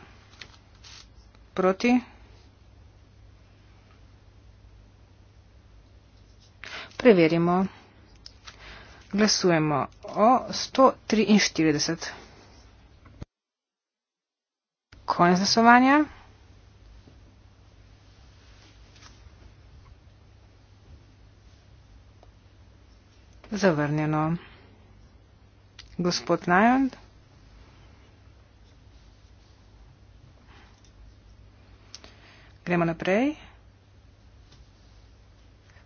proti. Preverimo. Glasujemo o 143. Konec glasovanja. Zavrnjeno. Gospod Najond. Gremo naprej.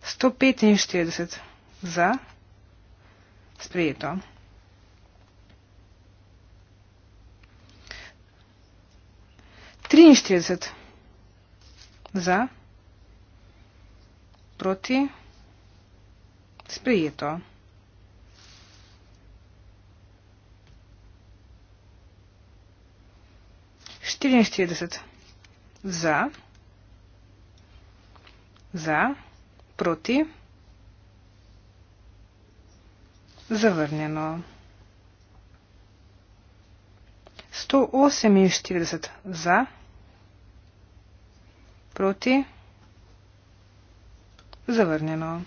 145 za sprejeto. Triinštirideset za, proti, sprejeto. Štiriinštirideset za, za, proti, sprejeto. zavrnjeno. 148 za, proti, zavrnjeno.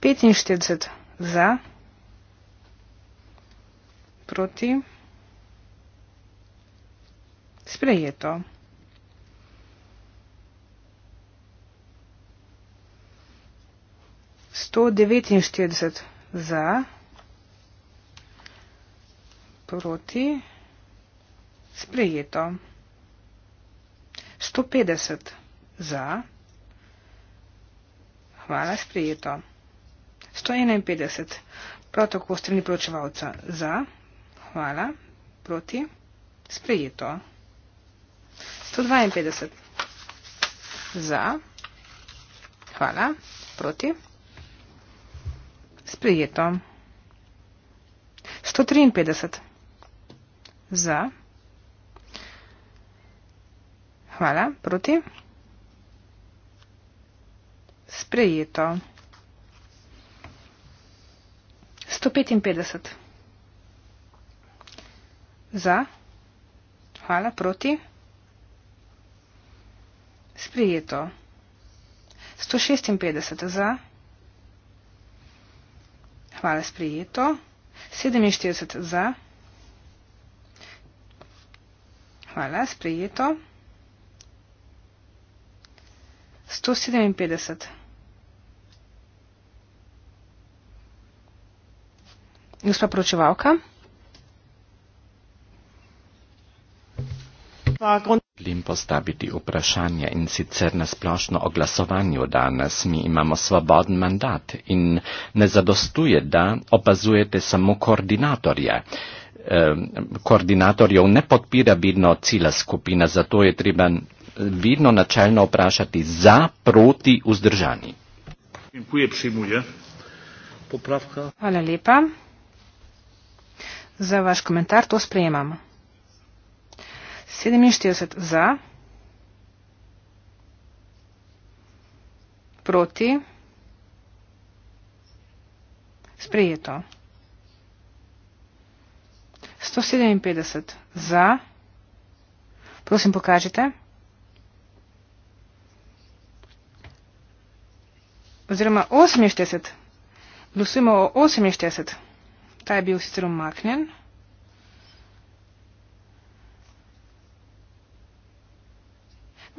45 za, proti, sprejeto. 149 za, proti, sprejeto. 150 za, hvala, sprejeto. 151, prav tako strani pločevalca za, hvala, proti, sprejeto. 152 za, hvala, proti. Sprejeto. 153. Za. Hvala. Proti. Sprejeto. 155. Za. Hvala. Proti. Sprejeto. 156. Za. Hvala, sprejeto. 47 za. Hvala, sprejeto. 157. Gospa poročevalka želim postaviti vprašanje in sicer na splošno oglasovanju danes. Mi imamo svoboden mandat in ne zadostuje, da opazujete samo koordinatorje. Koordinatorjev ne podpira vidno cila skupina, zato je treba vidno načelno vprašati za proti vzdržani. Hvala lepa za vaš komentar, to sprejemamo. 47 za, proti, sprejeto. 157 za, prosim pokažite. Oziroma 48, glasujemo o 48, ta je bil sicer umaknjen.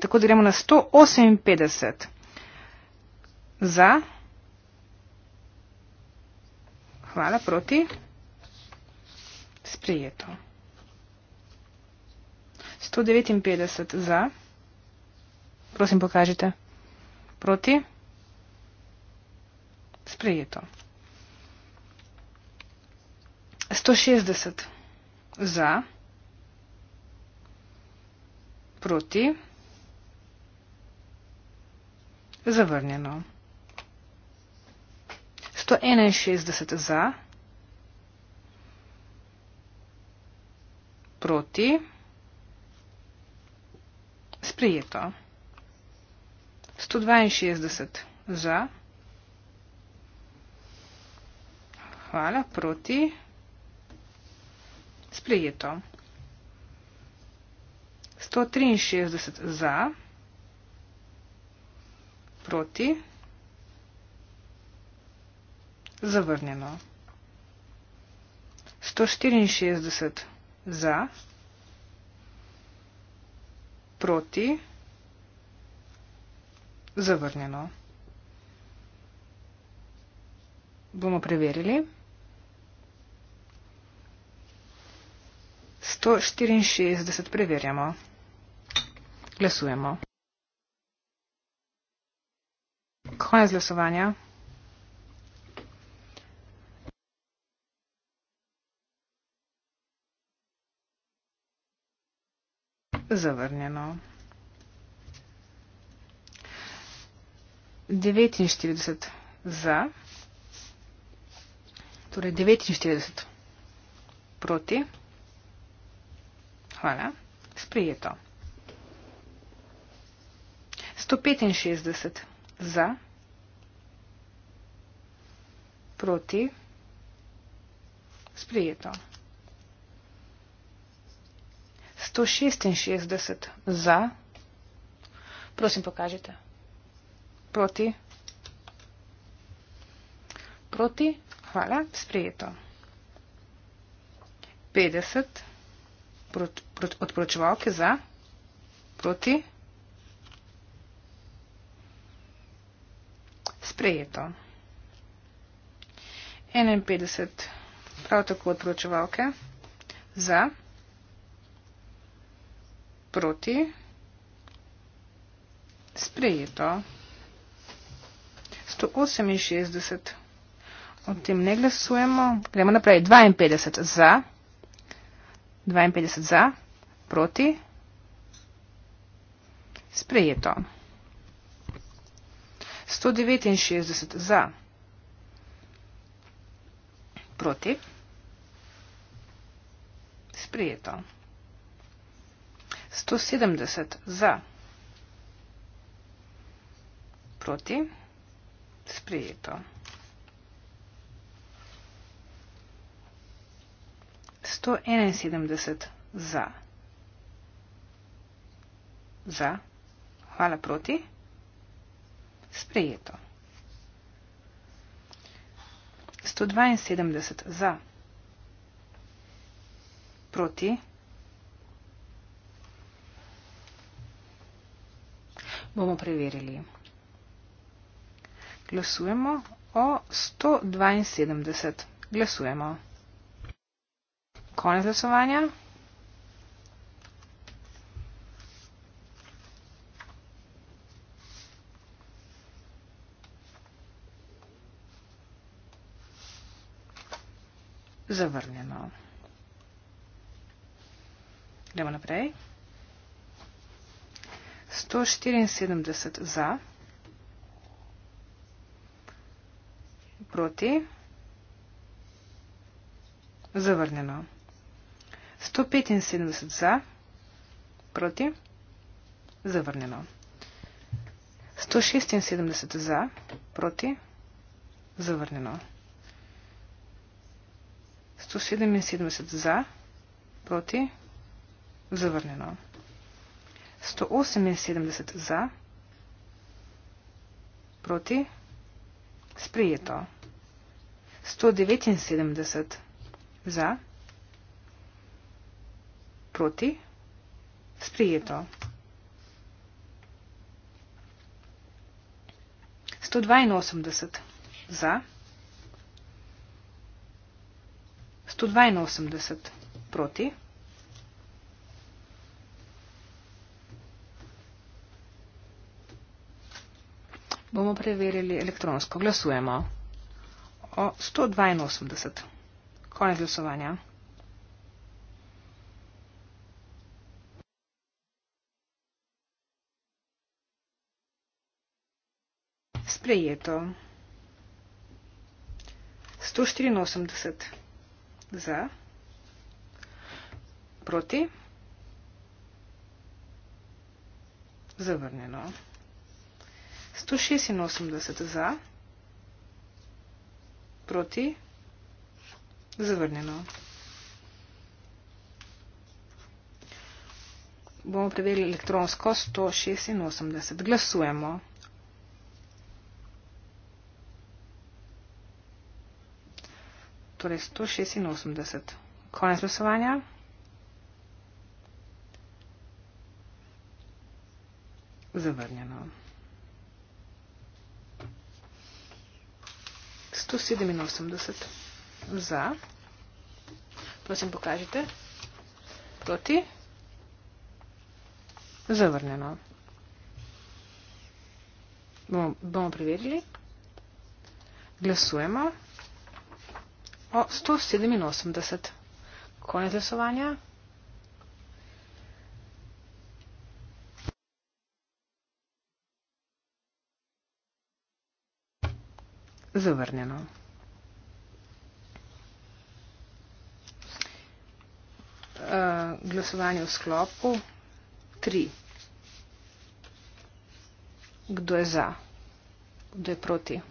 Tako da gremo na 158 za. Hvala proti. Sprijeto. 159 za. Prosim, pokažite. Proti. Sprijeto. 160 za. Proti. Zavrnjeno. 161 za. Proti. Sprijeto. 162 za. Hvala. Proti. Sprijeto. 163 za. Hvala proti, zavrnjeno. 164 za, proti, zavrnjeno. Bomo preverili. 164 preverjamo. Glasujemo. konec glasovanja. Zavrnjeno. 49 za, torej 49 proti. Hvala. Sprijeto. 165 za proti, sprijeto. 166 za, prosim pokažite, proti, proti, hvala, sprijeto. 50 odpročevalke za, proti, sprijeto. Sprijeto. 51 prav tako odpročevalke za, proti, sprejeto. 168, o tem ne glasujemo. Gremo naprej, 52 za, 52 za, proti, sprejeto. 169 za. Proti? Sprijeto. 170 za. Proti? Sprijeto. 171 za. Za. Hvala proti. Sprijeto. 172 za, proti. Bomo preverili. Glasujemo o 172. Glasujemo. Konec glasovanja. zavrnjeno. Gremo naprej. 174 za, proti, zavrnjeno. 175 za, proti, zavrnjeno. 176 za, proti, zavrnjeno. 177 za, proti, zavrnjeno. 178 za, proti, sprijeto. 179 za, proti, sprijeto. 182 za, proti, sprijeto. tu 82 proti. Bomo preverili elektronsko. Glasujemo o 182. Konec glasovanja. Sprejeto. 184 za, proti, zavrnjeno. 186 za, proti, zavrnjeno. Bomo preverili elektronsko 186. Glasujemo. 186. torej 186. Konec glasovanja. Zavrnjeno. 187 za. Prosim, pokažite. Proti. Zavrnjeno. Bomo, bomo preverili. Glasujemo. O, 187. Konec glasovanja. Zavrnjeno. Uh, glasovanje v sklopu 3. Kdo je za? Kdo je proti?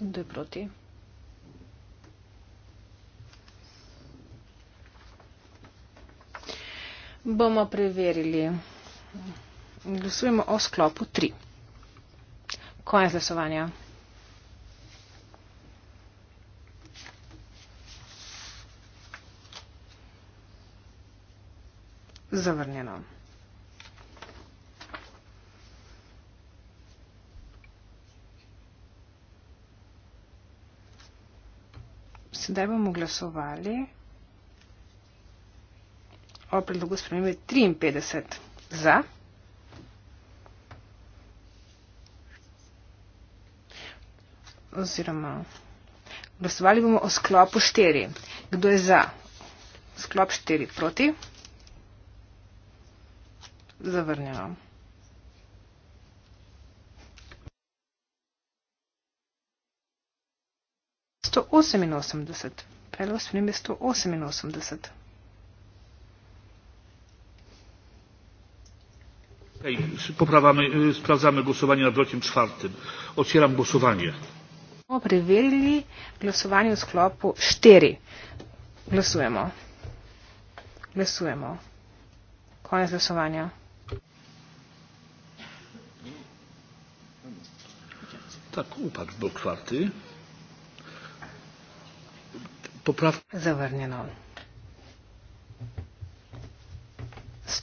Kdo je proti? Bomo preverili. Glasujemo o sklopu 3. Konec glasovanja. Zavrnjeno. Sedaj bomo glasovali o predlogu spremembe 53 za. Oziroma, glasovali bomo o sklopu 4. Kdo je za? Sklop 4 proti. Zavrnjamo. Sto osem in osemdeset. Predlog spremembe sto osem in osemdeset. sprawdzamy głosowanie nad blokiem czwartym. Otwieram głosowanie. Preverili głosowanie w sklopu 4. Głosujemy. Głosujemy. Koniec głosowania. Tak, upadł blok czwarty. Poprawka. Zawarniono.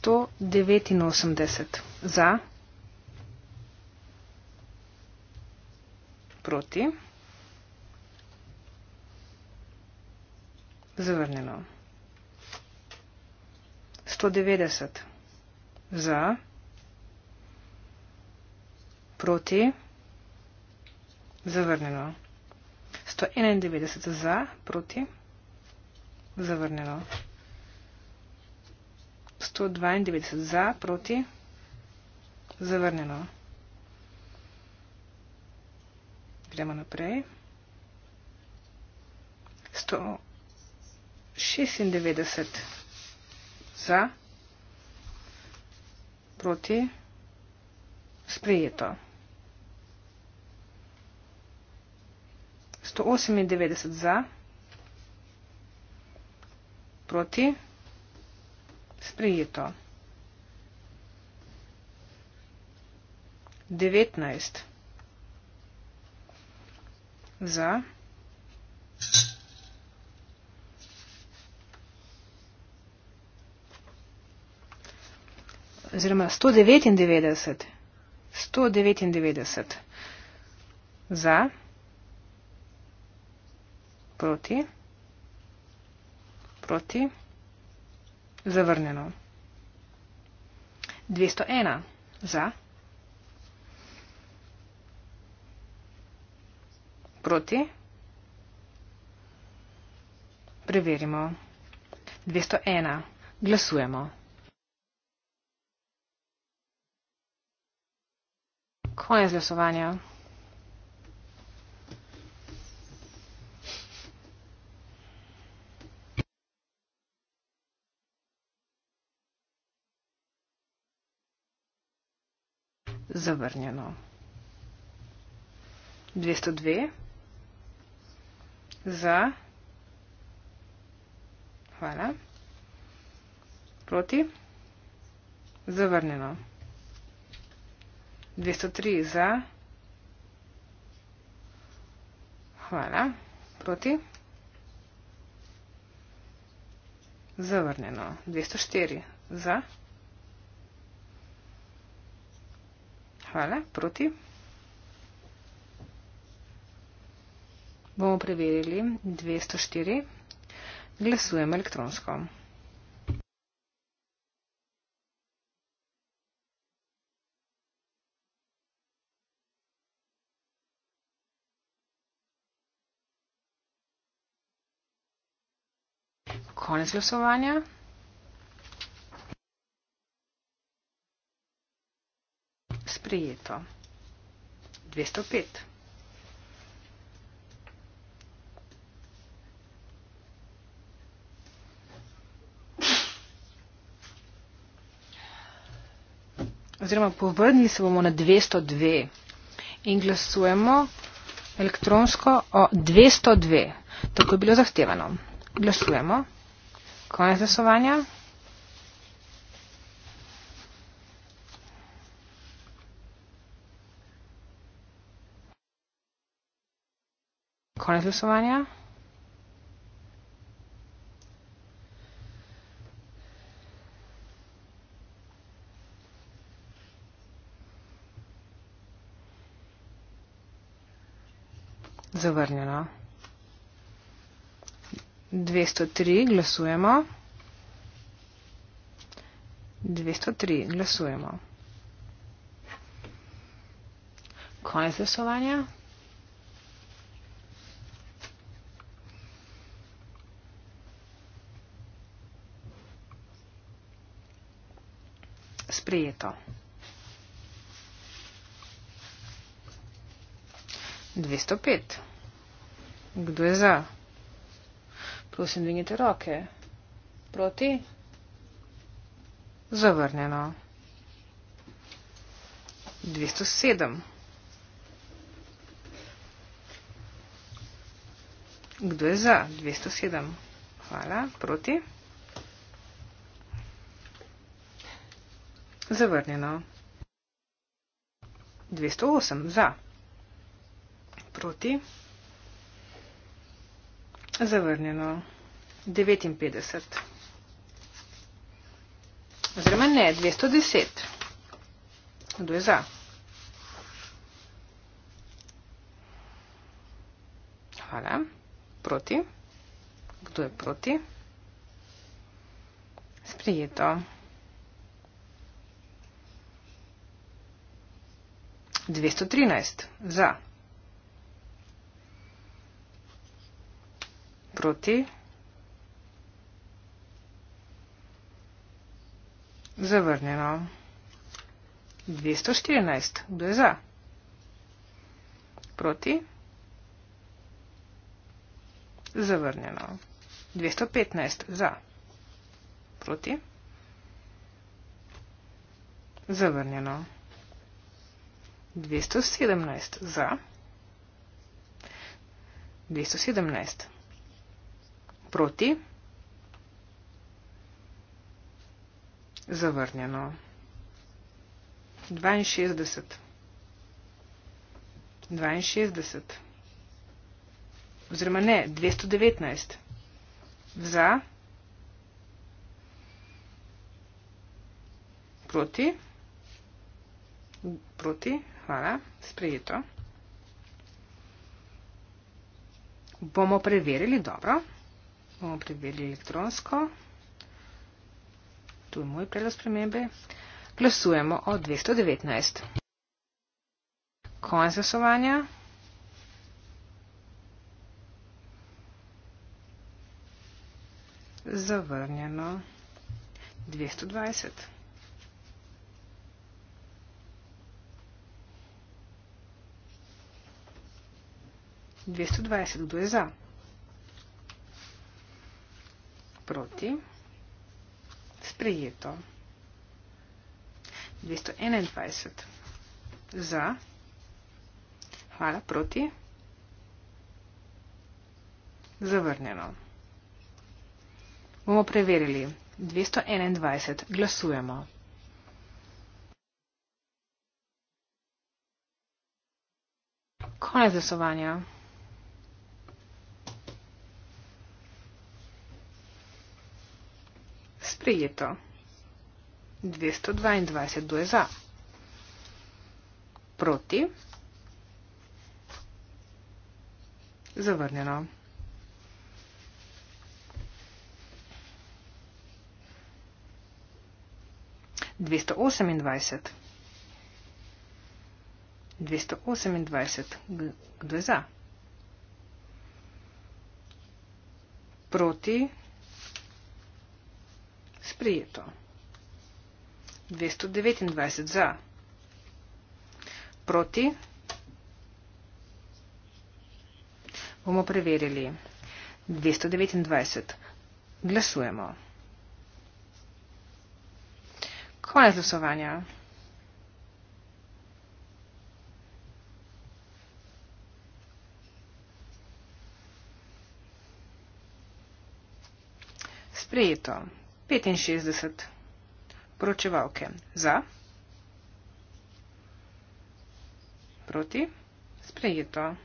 189 za, proti, zavrnjeno. 190 za, proti, zavrnjeno. 191 za, proti, zavrnjeno. 192 za, proti, zavrnjeno. Gremo naprej. 196 za, proti, sprejeto. 198 za, proti, sprejeto sprejeto. 19. Za. 199. 199. Za. Proti. Proti. Zavrnjeno. 201. Za. Proti. Preverimo. 201. Glasujemo. Konec glasovanja. zavrnjeno. 202 za, hvala, proti, zavrnjeno. 203 za, hvala, proti, zavrnjeno. 204 za, hvala. Hvala. Proti. Bomo preverili 204. Glasujem elektronsko. Konec glasovanja. sprejeto. 205. oziroma povrnili se bomo na 202 in glasujemo elektronsko o 202. Tako je bilo zahtevano. Glasujemo. Konec glasovanja. konec glasovanja. Zavrnjeno. 203 glasujemo. 203 glasujemo. Konec glasovanja. sprejeto. Dvesto pet. Kdo je za? Prosim, dvignite roke. Proti? Zavrnjeno. Dvesto sedem. Kdo je za? Dvesto sedem. Hvala. Proti? Zavrnjeno. 208. Za. Proti. Zavrnjeno. 59. Oziroma ne, 210. Kdo je za? Hvala. Proti. Kdo je proti? Sprijeto. 213 za, proti, zavrnjeno, 214, kdo je za, proti, zavrnjeno, 215 za, proti, zavrnjeno, 215 za, proti, zavrnjeno. 217 za, 217 proti, zavrnjeno, 62, 62, oziroma ne, 219 za, proti, proti, Hvala. Sprejeto. Bomo preverili dobro. Bomo preverili elektronsko. Tu je moj predlog spremembe. Glasujemo o 219. Konec glasovanja. Zavrnjeno 220. 220. Kdo je za? Proti. Sprejeto. 221. Za. Hvala. Proti. Zavrnjeno. Bomo preverili. 221. Glasujemo. Konec glasovanja. sprejeto. 222 kdo je za? Proti? Zavrnjeno. Dvesto osemindvajset. Dvesto osemindvajset. Kdo je za? Proti? Proti? sprejeto. 229 za, proti. Bomo preverili. 229 glasujemo. Konec glasovanja. Sprejeto. 65. Poročevalke za. Proti. Sprejeto.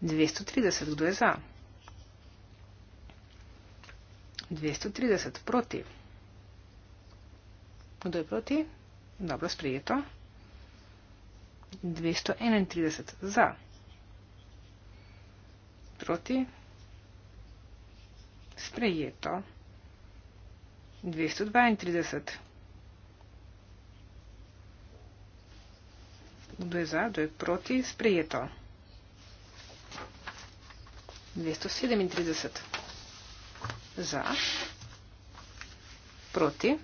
Dvesto trideset, kdo je za? Dvesto trideset, proti. Kdo je proti? Dobro, sprejeto. Dvesto enaintrideset, za proti, sprejeto, 232. Kdo je za, kdo je proti, sprejeto, 237. Za, proti,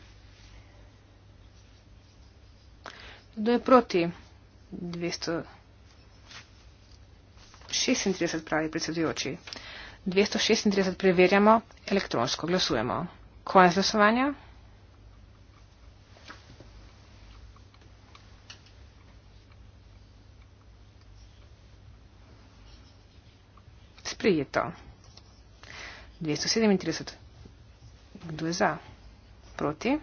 kdo je proti, 237. 236 pravi predsedujoči. 236 preverjamo, elektronsko glasujemo. Konec glasovanja. Sprijeto. 237. Kdo je za? Proti?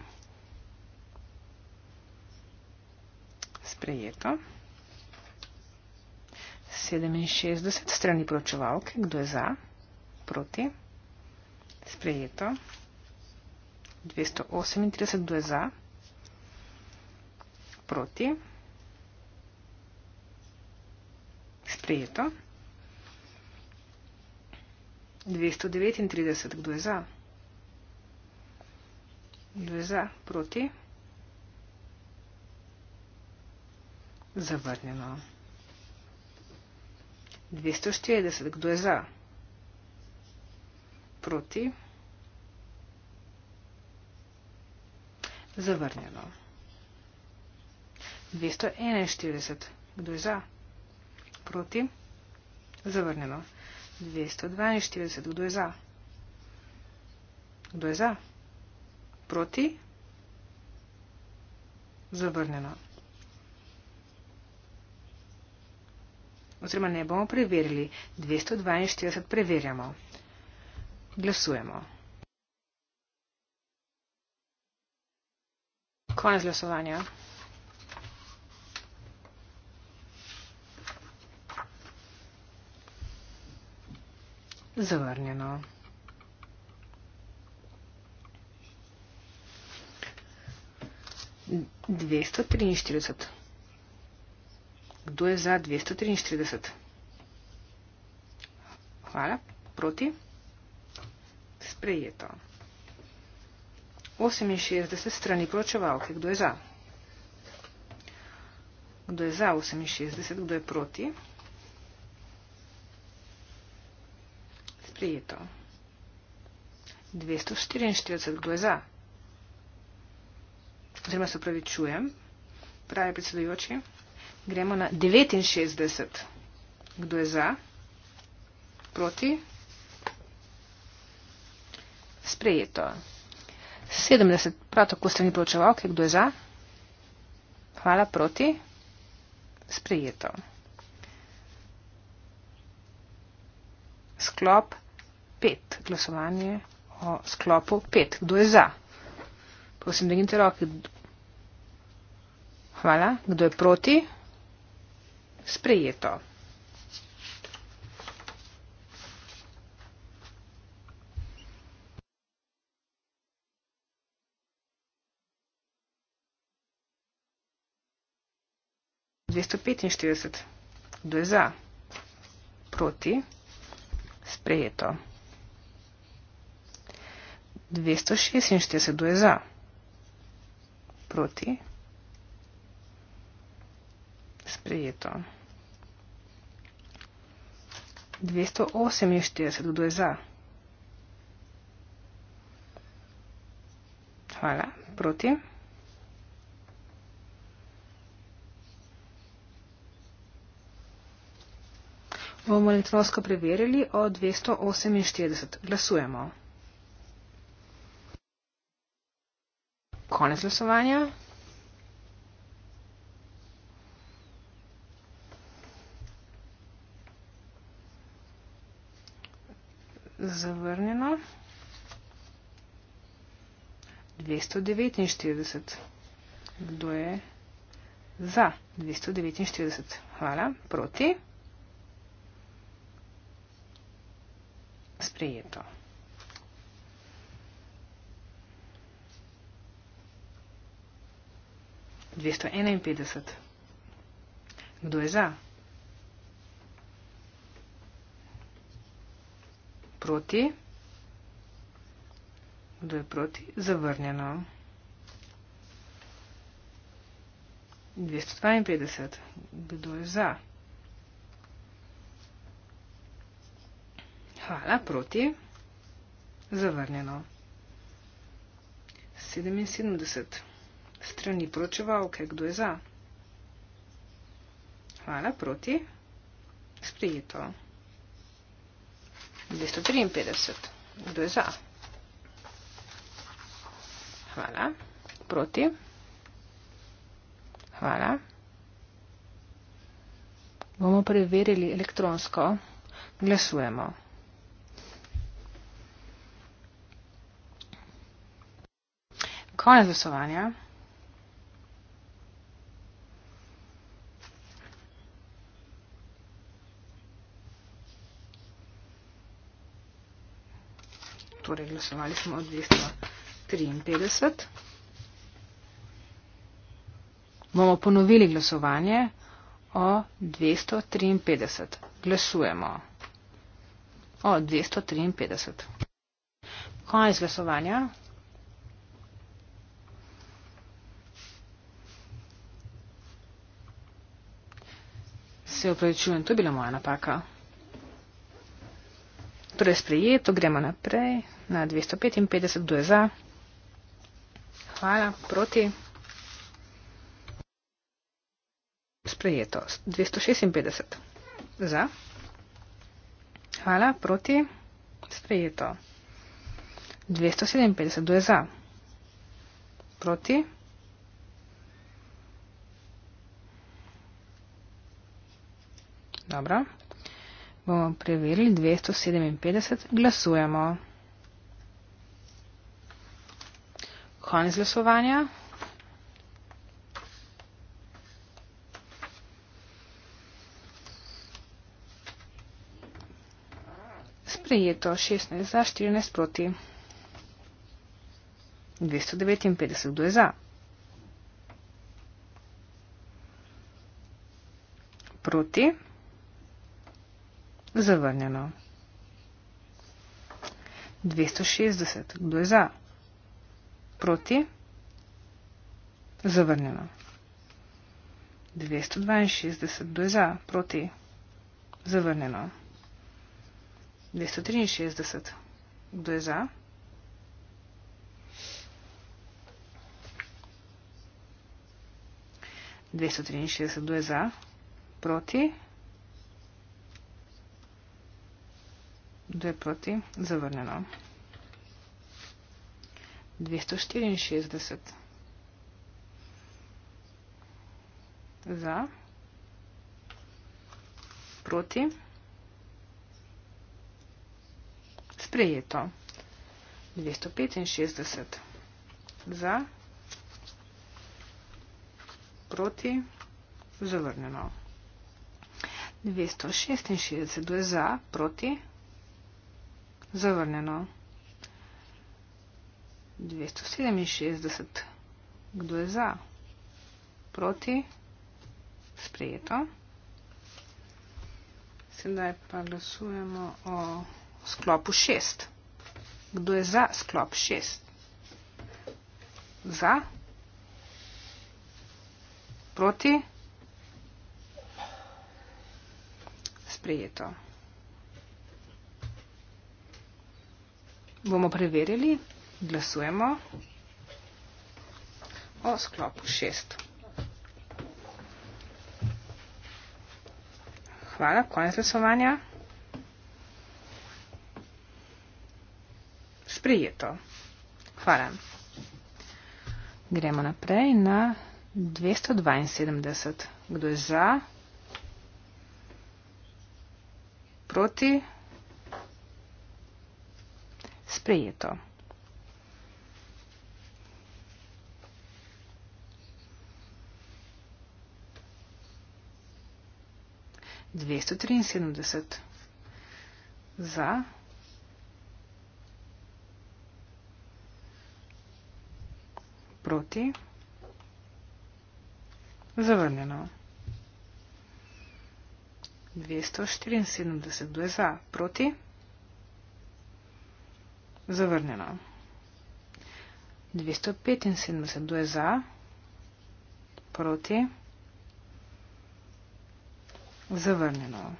Sprijeto. 67 strani pročevalke. Kdo je za? Proti? Sprejeto. 238. Kdo je za? Proti? Sprejeto. 239. Kdo je za? Kdo je za? Proti? Zavrnjeno. Zavrnjeno. 240. Kdo je za? Proti? Zavrnjeno. 241. Kdo je za? Proti? Zavrnjeno. 242. Kdo je za? Kdo je za? Proti? Zavrnjeno. 243. oziroma ne bomo preverili, 242 preverjamo. Glasujemo. Konec glasovanja. Zavrnjeno. Dvesto triinštirideset. Kdo je za 243? Hvala. Proti. Sprejeto. 68 strani poročevalke. Kdo je za? Kdo je za 68? Kdo je proti? Sprejeto. 244. Kdo je za? Oziroma se pravi čujem. Pravi predsedujoči. Gremo na 69. Kdo je za? Proti? Sprejeto. 70. Prav tako strani poročevalke. Kdo je za? Hvala. Proti? Sprejeto. Sklop 5. Glasovanje o sklopu 5. Kdo je za? Prosim, dignite roke. Hvala. Kdo je proti? Proti? sprejeto. Kdo je za? Proti? Sprejeto. 246. Kdo je za? Proti? sprejeto. 248, kdo je za? Hvala, proti. Bomo elektronsko preverili o 248. Glasujemo. Konec glasovanja. zavrnjeno. 249. Kdo je za 249? Hvala. Proti. Sprejeto. Dvesto enainpetdeset. Kdo je za? proti? Kdo je proti? Zavrnjeno. 252. Kdo je za? Hvala, proti. Zavrnjeno. 77. Strani pročevalke, kdo je za? Hvala, proti. Sprijeto. 253. Kdo je za? Hvala. Proti? Hvala. Bomo preverili elektronsko. Glasujemo. Konec glasovanja. torej glasovali smo od 253. Bomo ponovili glasovanje o 253. Glasujemo o 253. Konec glasovanja. Se opravičujem, to je bila moja napaka. Torej sprejeto, gremo naprej na 255, kdo je za. Hvala, proti. Sprejeto. 256, za. Hvala, proti. Sprejeto. 257, kdo je za. Proti. Dobro. Bomo preverili 257. Glasujemo. konec glasovanja. Sprejeto 16 za 14 proti 259, kdo je za? Proti? Zavrnjeno. 260, kdo je za? proti, zavrnjeno. 262, kdo je za, proti, zavrnjeno. 263, kdo je za. Dvesto trinšestdeset, kdo je za, proti, kdo je proti, zavrnjeno. 264 za, proti, sprejeto, 265 za, proti, zavrnjeno, 266 za, proti, zavrnjeno. 267. Kdo je za? Proti? Sprejeto. Sedaj pa glasujemo o sklopu 6. Kdo je za sklop 6? Za? Proti? Sprejeto. Bomo preverili, glasujemo o sklopu 6. Hvala, konec glasovanja. Sprijeto. Hvala. Gremo naprej na 272. Kdo je za? Proti? Sprijeto. 273 za. Proti, zavrnjeno. 274 je za, proti, zavrnjeno. 275 je za, proti, zavrnjeno. Zavrnjeno.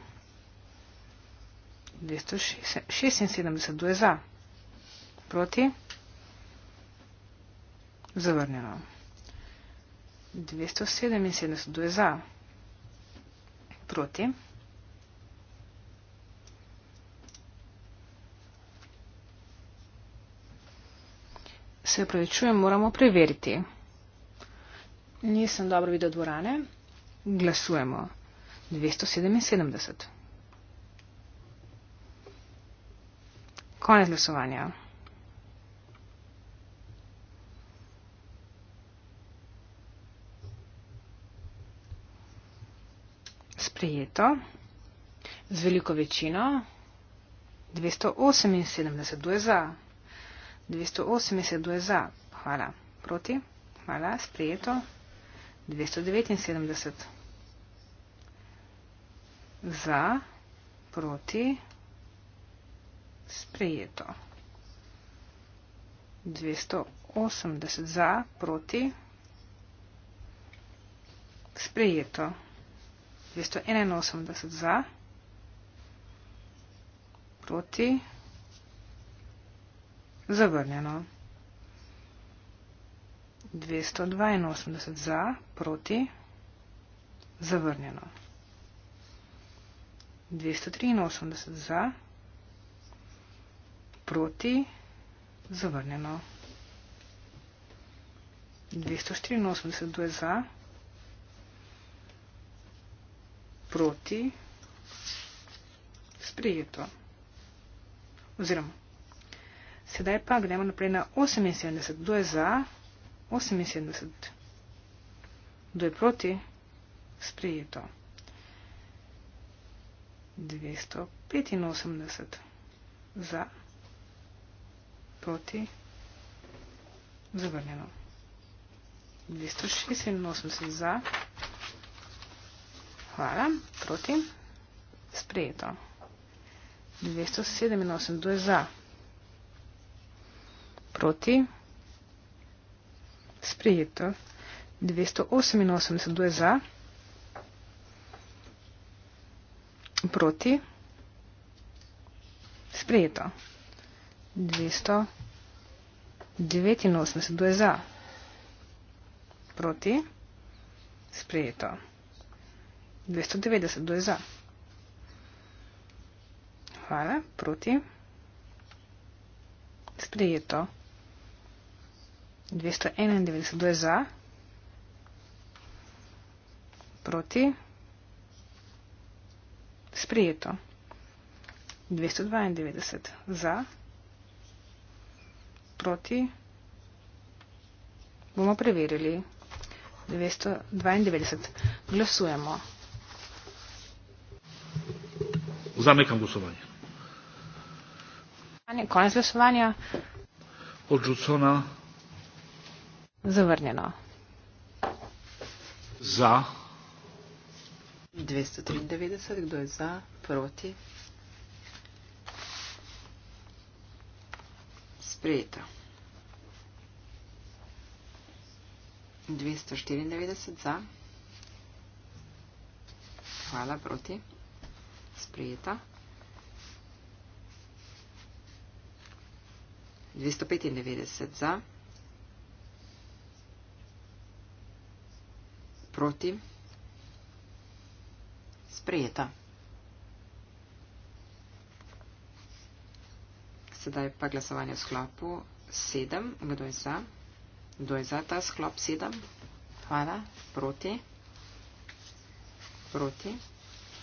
276 je za. Proti. Zavrnjeno. 277 je za. Proti. Se pravičujem, moramo preveriti. Nisem dobro videl dvorane. Glasujemo. 277. Konec glasovanja. Sprejeto z veliko večino 278 je za. 278 je za. Hvala. Proti. Hvala. Sprejeto 279 za, proti, sprejeto. 280 za, proti, sprejeto. 281 za, proti, zavrnjeno. 282 za, proti, zavrnjeno. 283 za, proti, zavrnjeno. 284 za, proti, sprijeto. Oziroma, sedaj pa gremo naprej na 78, kdo je za, 78, kdo je proti, sprijeto. 285 za, proti, zavrnjeno. 286 za, hvala, proti, sprejeto. 287 je za, proti, sprejeto. 288 je za, proti. proti. Sprejeto. 289, kdo je za? Proti. Sprejeto. 290, kdo je za? Hvala, proti. Sprejeto. 291, kdo je za? Proti. Sprejeto. 292 za, proti. Bomo preverili. 292. Glasujemo. Zamekam glasovanje. Konec glasovanja. Odžucona. Zavrnjeno. Za. 293, kdo je za, proti. Sprejeto. 294 za. Hvala, proti. Sprejeta. 295 za. Proti sprejeta. Sedaj pa glasovanje v sklopu 7. Kdo je za? Kdo je za ta sklop 7? Hvala. Proti. Proti.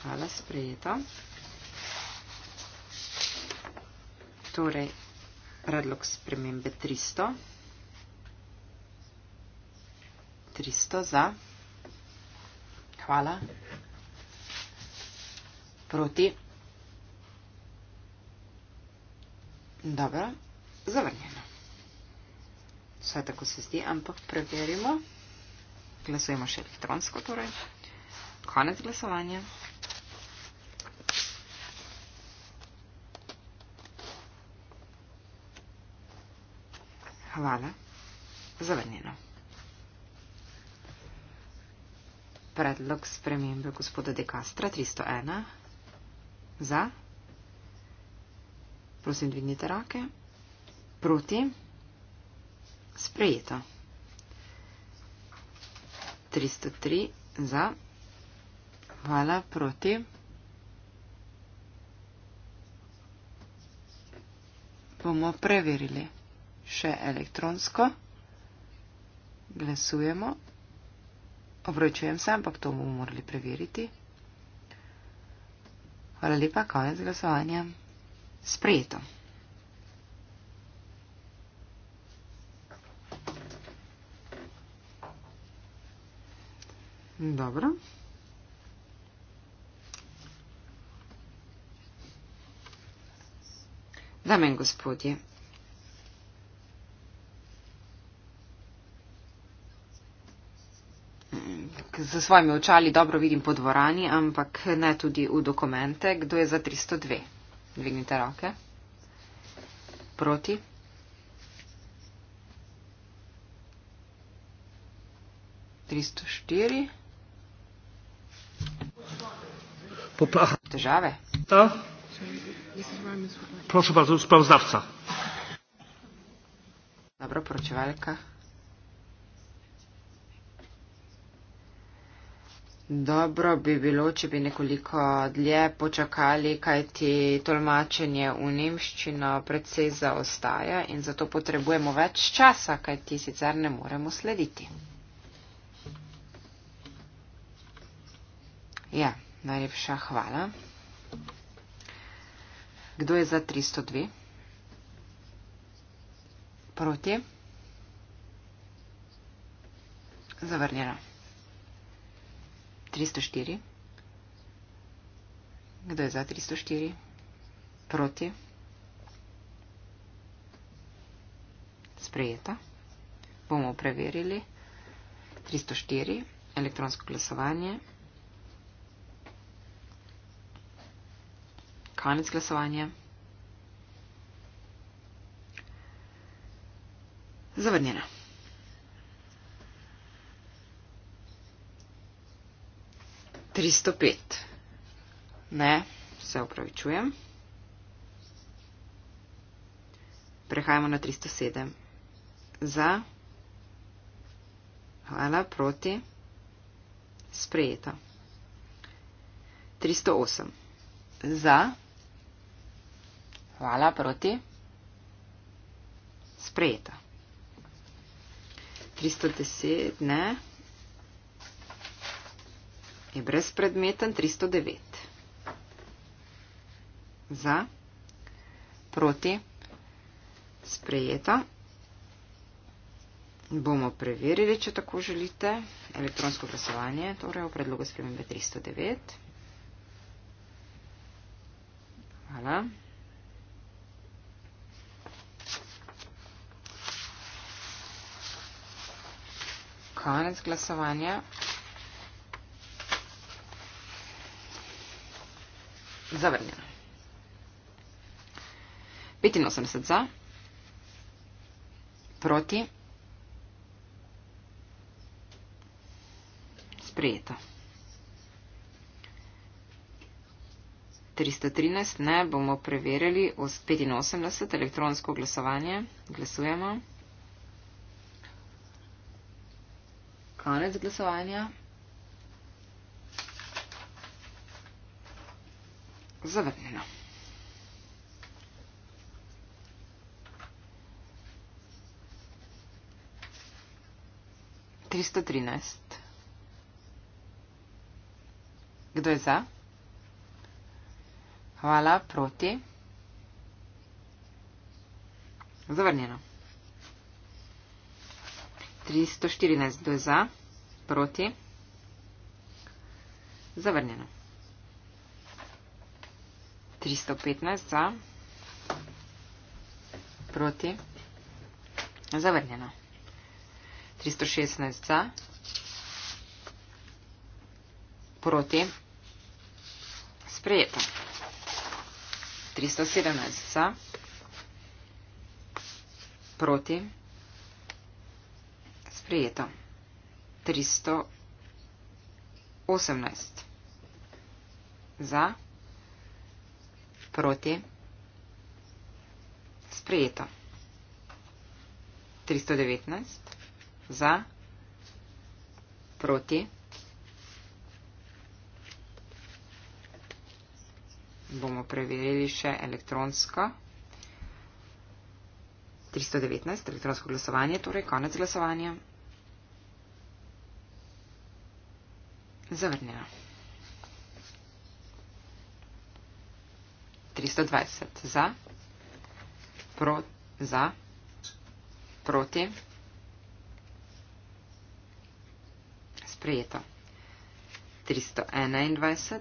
Hvala. Sprejeto. Torej, predlog spremembe 300. 300 za. Hvala proti. Dobro, zavrnjeno. Vse tako se zdi, ampak preverimo. Glasujemo še elektronsko, torej. Konec glasovanja. Hvala. Zavrnjeno. Predlog spremembe gospoda De Castra 301. Za? Prosim, dvignite roke. Proti? Sprejeto. 303 za. Hvala, proti. Bomo preverili še elektronsko. Glasujemo. Obročujem se, ampak to bomo morali preveriti. 303. Hvala lepa, konec glasovanja. Sprejeto. Dobro. Dame in gospodje, z svojimi očali dobro vidim po dvorani, ampak ne tudi v dokumente. Kdo je za 302? Dvignite roke. Proti. Poplaha. Težave. Ta. Prosim, pa sprozdavca. Dobro, poročevalka. Dobro bi bilo, če bi nekoliko dlje počakali, kaj ti tolmačenje v nemščino predvsej zaostaja in zato potrebujemo več časa, kaj ti sicer ne moremo slediti. Ja, najlepša hvala. Kdo je za 302? Proti? Zavrnjeno. 304. Kdo je za 304? Proti? Sprejeta. Bomo preverili. 304. Elektronsko glasovanje. Konec glasovanja. Zavrnjena. 305. Ne, se upravičujem. Prehajamo na 307. Za. Hvala, proti. Sprejeta. 308. Za. Hvala, proti. Sprejeta. 310. Ne je brezpredmeten 309. Za, proti, sprejeta. Bomo preverili, če tako želite, elektronsko glasovanje, torej v predlogu spremembe 309. Hvala. Konec glasovanja. Zavrnjeno. 85 za, proti, sprejeto. 313 ne, bomo preverili v 85 elektronsko glasovanje. Glasujemo. Konec glasovanja. zavrnjeno. Tristo trinajst. Kdo je za? Hvala, proti. Zavrnjeno. Tristo štirinajst. Kdo je za? Proti. Zavrnjeno. 315 za, proti, zavrnjeno. 316 za, proti, sprejeto. 317 za, proti, sprejeto. 318 za, proti. Proti? Sprejeto. 319. Za? Proti? Bomo preverili še elektronsko. 319, elektronsko glasovanje, torej konec glasovanja. Zavrnjeno. 320. Za, pro, za, proti, sprejeto. 321.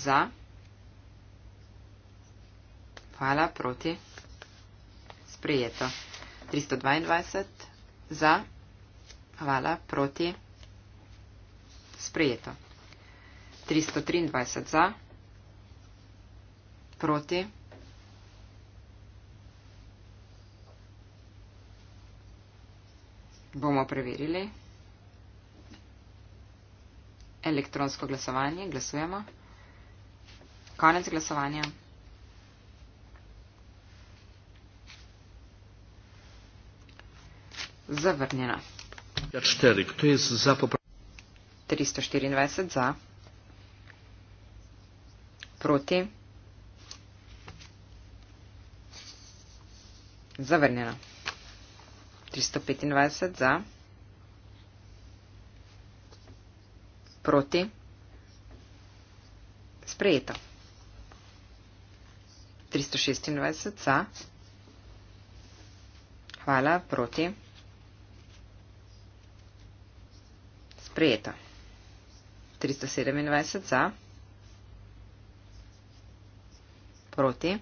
Za, hvala, proti, sprejeto. 322. Za, hvala, proti, sprejeto. 323 za, proti. Bomo preverili. Elektronsko glasovanje. Glasujemo. Konec glasovanja. Zavrnjena. Ja, 324 za. Proti. Zavrnjeno. 325 za. Proti. Sprejeto. 326 za. Hvala. Proti. Sprejeto. 327 za. Proti.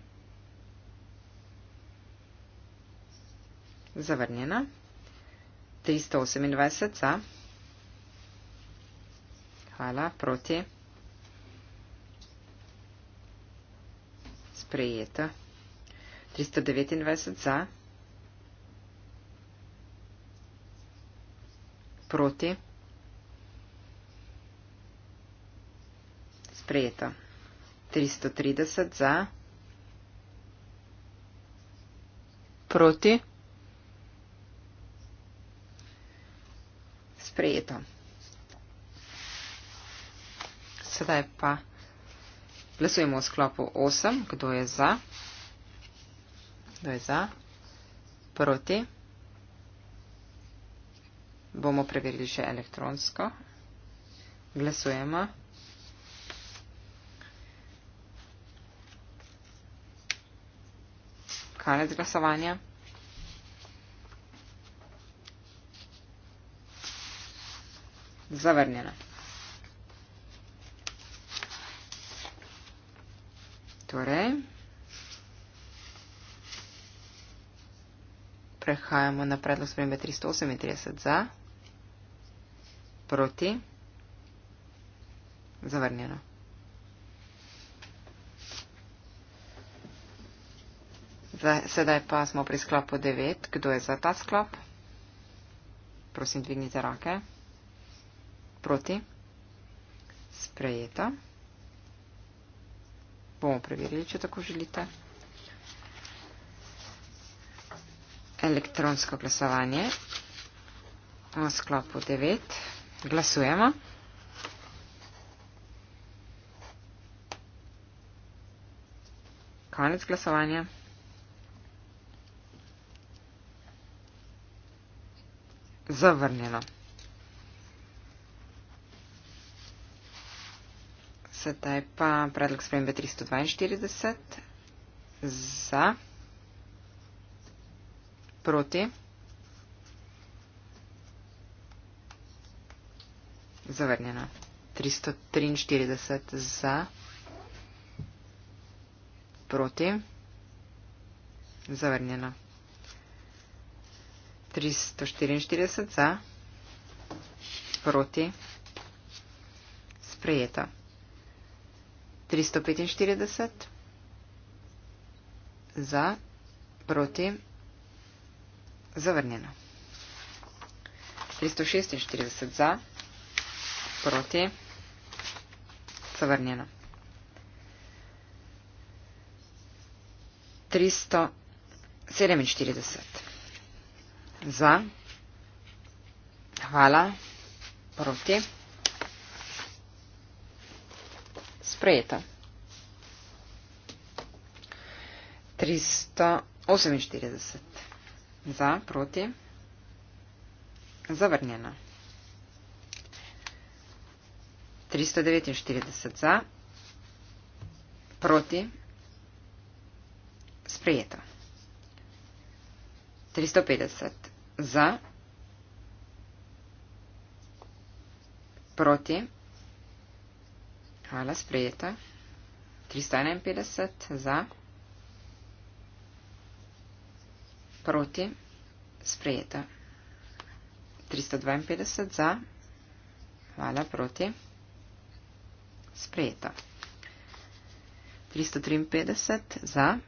Zavrnjena. 328 za. Hvala. Proti. Sprejeta. 329 za. Proti. Sprejeta. 330 za. Proti. sprejeto. Sedaj pa glasujemo v sklopu 8, kdo je za, kdo je za, proti. Bomo preverili še elektronsko. Glasujemo. Konec glasovanja. zavrnjena. Torej, prehajamo na predlog spremembe 338 za, proti, zavrnjeno. Sedaj pa smo pri sklopu 9. Kdo je za ta sklop? Prosim, dvignite rake. Proti. Sprejeta. Bomo preverili, če tako želite. Elektronsko glasovanje. V sklopu 9. Glasujemo. Konec glasovanja. Zavrnjeno. Sedaj pa predlog spremembe 342 za, proti, zavrnjeno. 343 za, proti, zavrnjeno. 344 za, proti, sprejeto. 345 za, proti, zavrnjeno. 346 za, proti, zavrnjeno. 347 za, hvala, proti, zavrnjeno. sprejeta. 348 za, proti, zavrnjena. 349 za, proti, sprejeta. 350 za, proti, zavrnjena. Hvala, sprejeta. 351 za. Proti. Sprejeta. 352 za. Hvala, proti. Sprejeta. 353 za.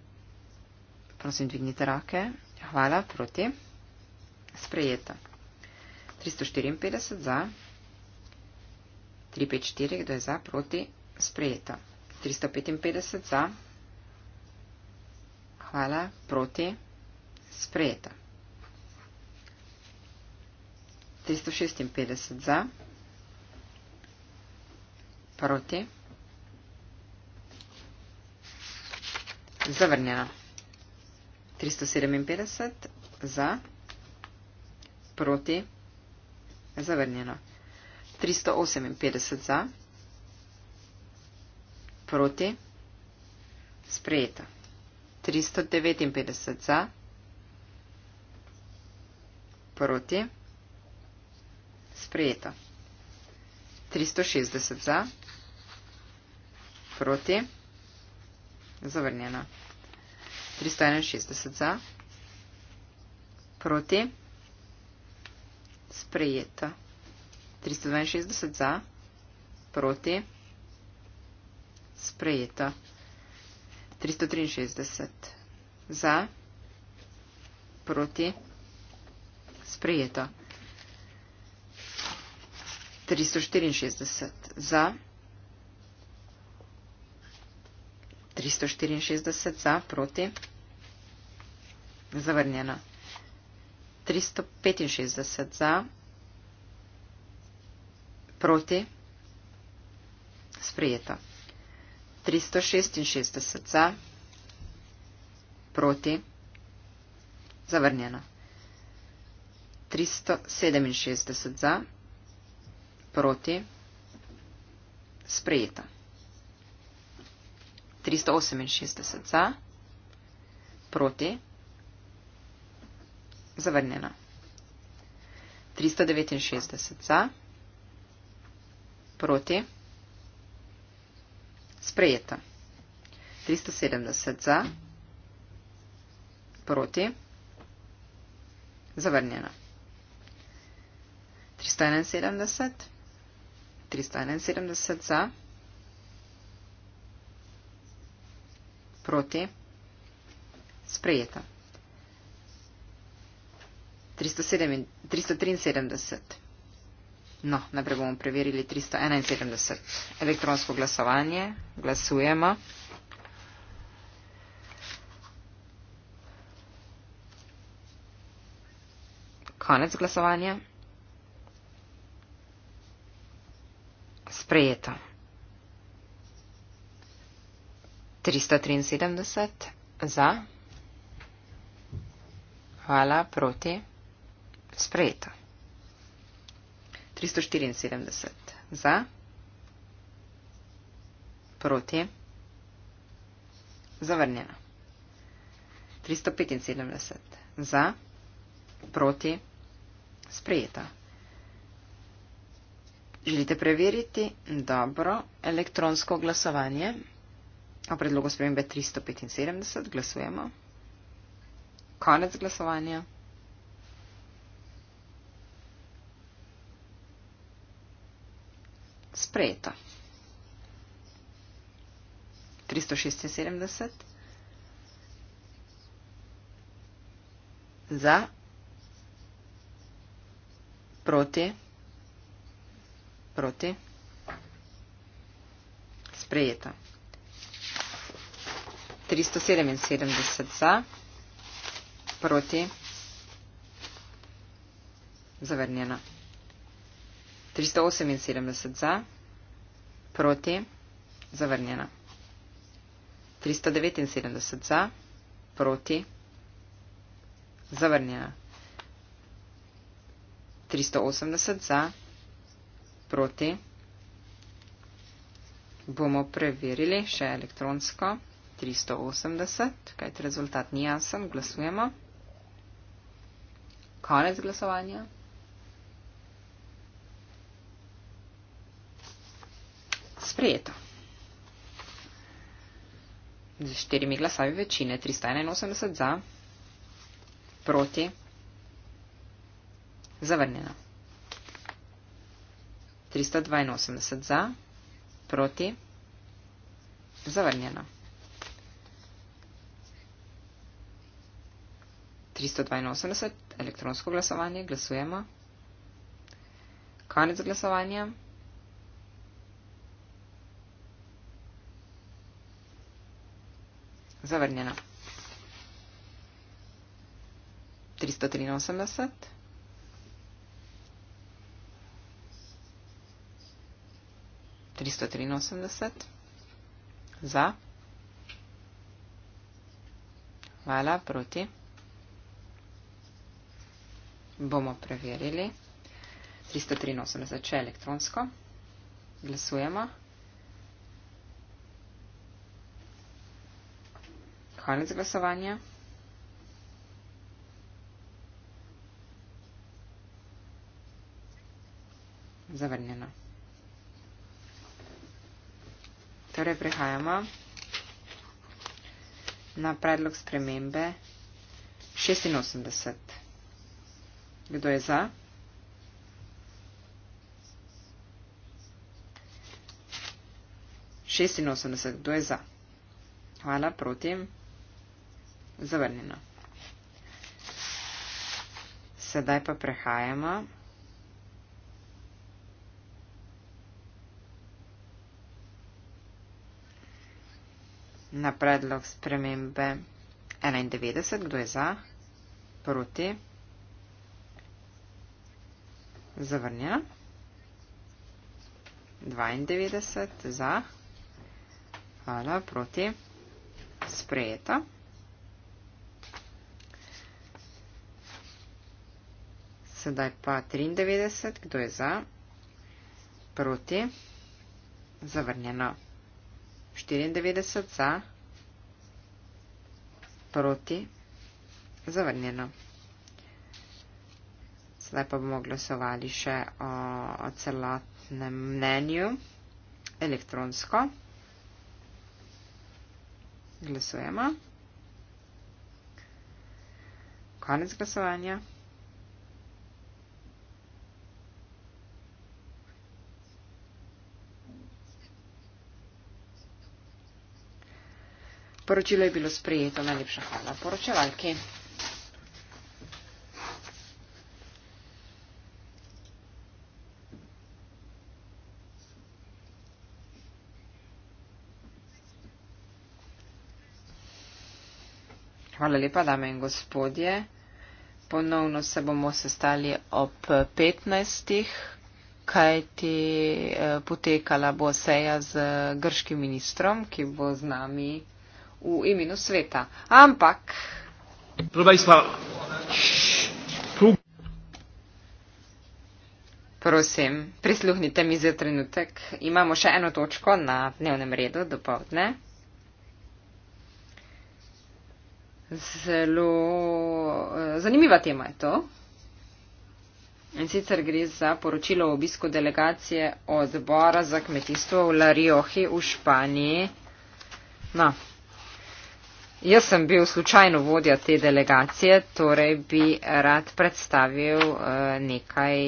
Prosim, dvignite roke. Hvala, proti. Sprejeta. 354 za. 354, kdo je za, proti, sprejeto. 355 za, hvala, proti, sprejeto. 356 za, proti, zavrnjeno. 357 za, proti, zavrnjeno. 358 za, proti, sprejeta. 359 za, proti, sprejeta. 360 za, proti, zavrnjena. 361 za, proti, sprejeta. 362 za, proti, sprejeto. 363 za, proti, sprejeto. 364 za, 364 za, proti, zavrnjeno. 365 za, Proti? Sprejeto. 366 za. Proti? Zavrnjeno. 367 za. Proti? Sprejeto. 368 za. Proti? Zavrnjeno. 369 za. Proti. Sprejeto. 370 za. Proti. Zavrnjeno. 371. 371 za. Proti. Sprejeto. 373. No, najprej bomo preverili 371. Elektronsko glasovanje. Glasujemo. Konec glasovanja. Sprejeto. 373 za. Hvala, proti. Sprejeto. 374 za, proti, zavrnjeno. 375 za, proti, sprejeta. Želite preveriti dobro elektronsko glasovanje? O predlogu spremembe 375 glasujemo. Konec glasovanja. sprejeto. 376 za, proti, proti, sprejeto. 377 za, proti, zavrnjeno. 378 za, proti, Proti. Zavrnjena. 379 za. Proti. Zavrnjena. 380 za. Proti. Bomo preverili še elektronsko. 380, kajti rezultat ni jasen. Glasujemo. Konec glasovanja. sprejeto. Z štirimi glasami večine, 381 za, proti, zavrnjena. 382 za, proti, zavrnjena. 382, elektronsko glasovanje, glasujemo. Konec glasovanja. zavrnjena. 383. Tristo triinosemdeset. Za. Hvala, proti. Bomo preverili. Tristo triinosemdeset, če elektronsko. Glasujemo. konec glasovanja. Zavrnjeno. Torej, prehajamo na predlog spremembe 86. Kdo je za? Šestinosemdeset, kdo je za? Hvala, proti zavrnjeno. Sedaj pa prehajamo na predlog spremembe 91. Kdo je za? Proti? Zavrnjeno. 92. Za? Hvala. Proti? Sprejeto. Sedaj pa 93, kdo je za? Proti. Zavrnjeno. 94 za. Proti. Zavrnjeno. Sedaj pa bomo glasovali še o, o celotnem mnenju elektronsko. Glasujemo. Konec glasovanja. Poročilo je bilo sprejeto. Najlepša hvala poročevalki. Hvala lepa, dame in gospodje. Ponovno se bomo sestali ob 15. kajti eh, potekala bo seja z grškim ministrom, ki bo z nami v imenu sveta. Ampak. Prosim, prisluhnite mi za trenutek. Imamo še eno točko na dnevnem redu do povdne. Zelo eh, zanimiva tema je to. In sicer gre za poročilo o obisku delegacije odbora za kmetijstvo v Lariohi v Španiji. No, Jaz sem bil slučajno vodja te delegacije, torej bi rad predstavil uh, nekaj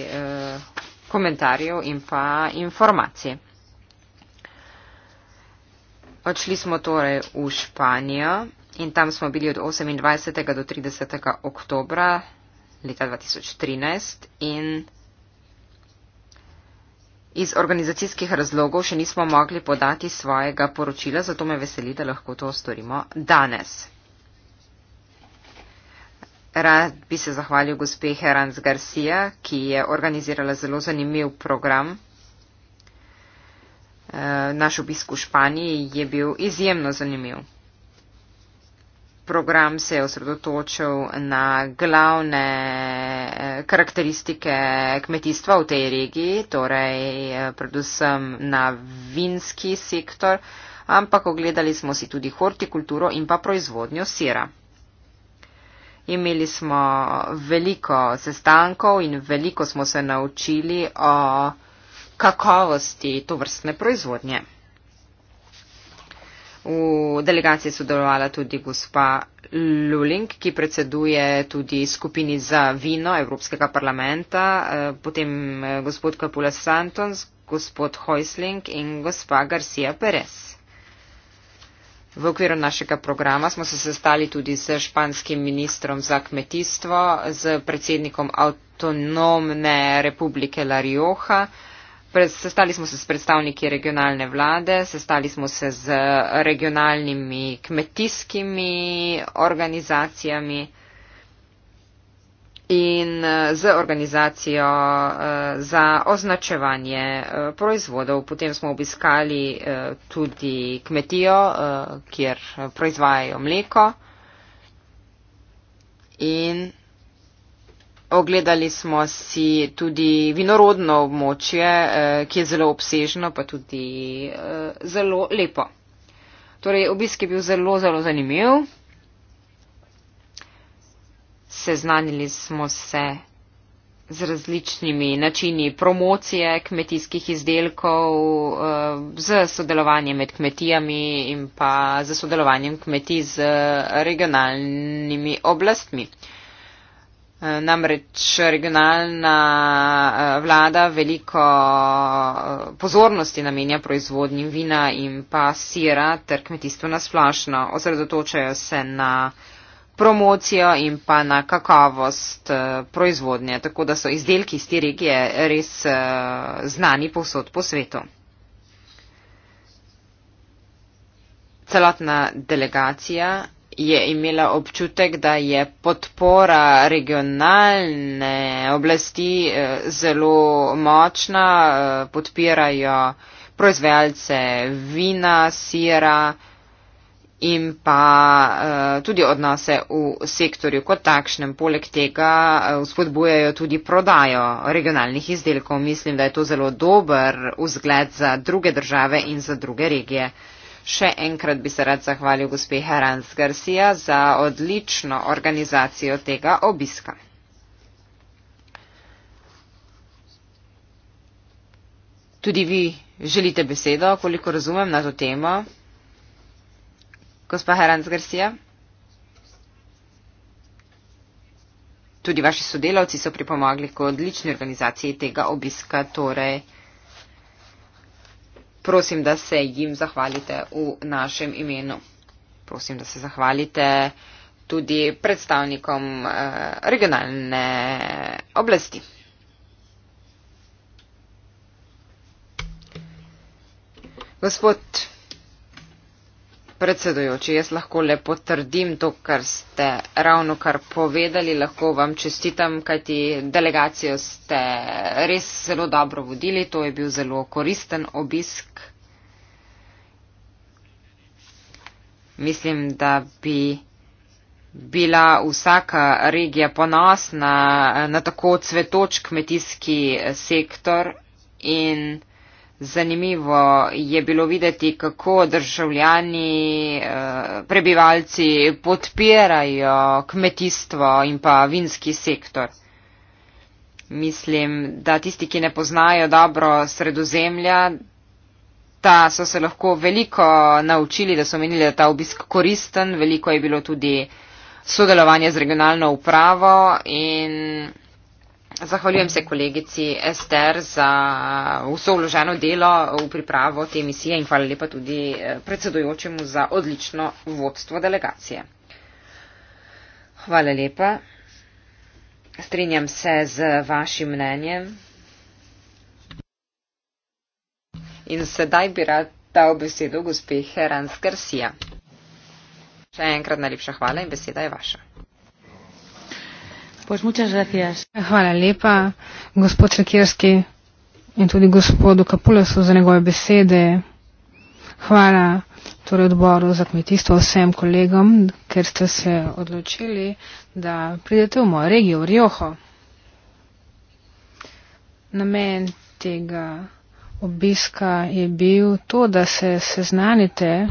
uh, komentarjev in pa informacij. Odšli smo torej v Španijo in tam smo bili od 28. do 30. oktobra leta 2013 in Iz organizacijskih razlogov še nismo mogli podati svojega poročila, zato me veseli, da lahko to storimo danes. Rad bi se zahvalil gospe Herans Garcia, ki je organizirala zelo zanimiv program. Eh, naš obisk v Španiji je bil izjemno zanimiv program se je osredotočil na glavne eh, karakteristike kmetijstva v tej regiji, torej eh, predvsem na vinski sektor, ampak ogledali smo si tudi hortikulturo in pa proizvodnjo sira. Imeli smo veliko sestankov in veliko smo se naučili o kakovosti tovrstne proizvodnje. V delegaciji je sodelovala tudi gospa Luling, ki predseduje tudi skupini za vino Evropskega parlamenta, eh, potem eh, gospod Kapula Santons, gospod Hoisling in gospa Garcia Perez. V okviru našega programa smo se sestali tudi z španskim ministrom za kmetijstvo, z predsednikom avtonomne republike La Rioja. Sestali smo se s predstavniki regionalne vlade, sestali smo se z regionalnimi kmetijskimi organizacijami in eh, z organizacijo eh, za označevanje eh, proizvodov. Potem smo obiskali tudi kmetijo, kjer proizvajajo mleko. In Ogledali smo si tudi vinorodno območje, eh, ki je zelo obsežno, pa tudi eh, zelo lepo. Torej, obisk je bil zelo, zelo zanimiv. Seznanili smo se z različnimi načini promocije kmetijskih izdelkov, eh, z sodelovanjem med kmetijami in pa z sodelovanjem kmetij z regionalnimi oblastmi. Namreč regionalna eh, vlada veliko eh, pozornosti namenja proizvodnjim vina in pa sira ter kmetijstvu nasplošno. Osredotočajo se na promocijo in pa na kakovost eh, proizvodnje, tako da so izdelki iz te regije res znani povsod po svetu. Celotna delegacija je imela občutek, da je podpora regionalne oblasti eh, zelo močna, eh, podpirajo proizvajalce vina, sira in pa eh, tudi odnose v sektorju kot takšnem. Poleg tega spodbujajo tudi prodajo regionalnih izdelkov. Mislim, da je to zelo dober vzgled za druge države in za druge regije. Še enkrat bi se rad zahvalil gospe Herans Garcia za odlično organizacijo tega obiska. Tudi vi želite besedo, koliko razumem na to temo. Gospa Herans Garcia. Tudi vaši sodelavci so pripomogli k odlični organizaciji tega obiska, torej prosim, da se jim zahvalite v našem imenu. Prosim, da se zahvalite tudi predstavnikom eh, regionalne oblasti. Gospod Predsedujoči, jaz lahko le potrdim to, kar ste ravno kar povedali. Lahko vam čestitam, kajti delegacijo ste res zelo dobro vodili. To je bil zelo koristen obisk. Mislim, da bi bila vsaka regija ponosna na tako cvetoč kmetijski sektor in Zanimivo je bilo videti, kako državljani, eh, prebivalci podpirajo kmetijstvo in pa vinski sektor. Mislim, da tisti, ki ne poznajo dobro sredozemlja, ta so se lahko veliko naučili, da so menili, da je ta obisk koristen, veliko je bilo tudi sodelovanja z regionalno upravo in Zahvaljujem se kolegici Ester za eh, vso vloženo delo v pripravo te misije in hvala lepa tudi eh, predsedujočemu za odlično vodstvo delegacije. Hvala lepa. Strinjam se z vašim mnenjem. In sedaj bi rad dal besedo gospe Heranskarsija. Še enkrat najlepša hvala in beseda je vaša. Hvala lepa, gospod Sekirski in tudi gospodu Kapulesu za njegove besede. Hvala torej odboru za kmetijstvo vsem kolegom, ker ste se odločili, da pridete v mojo regijo, v Rjoho. Namen tega obiska je bil to, da se seznanite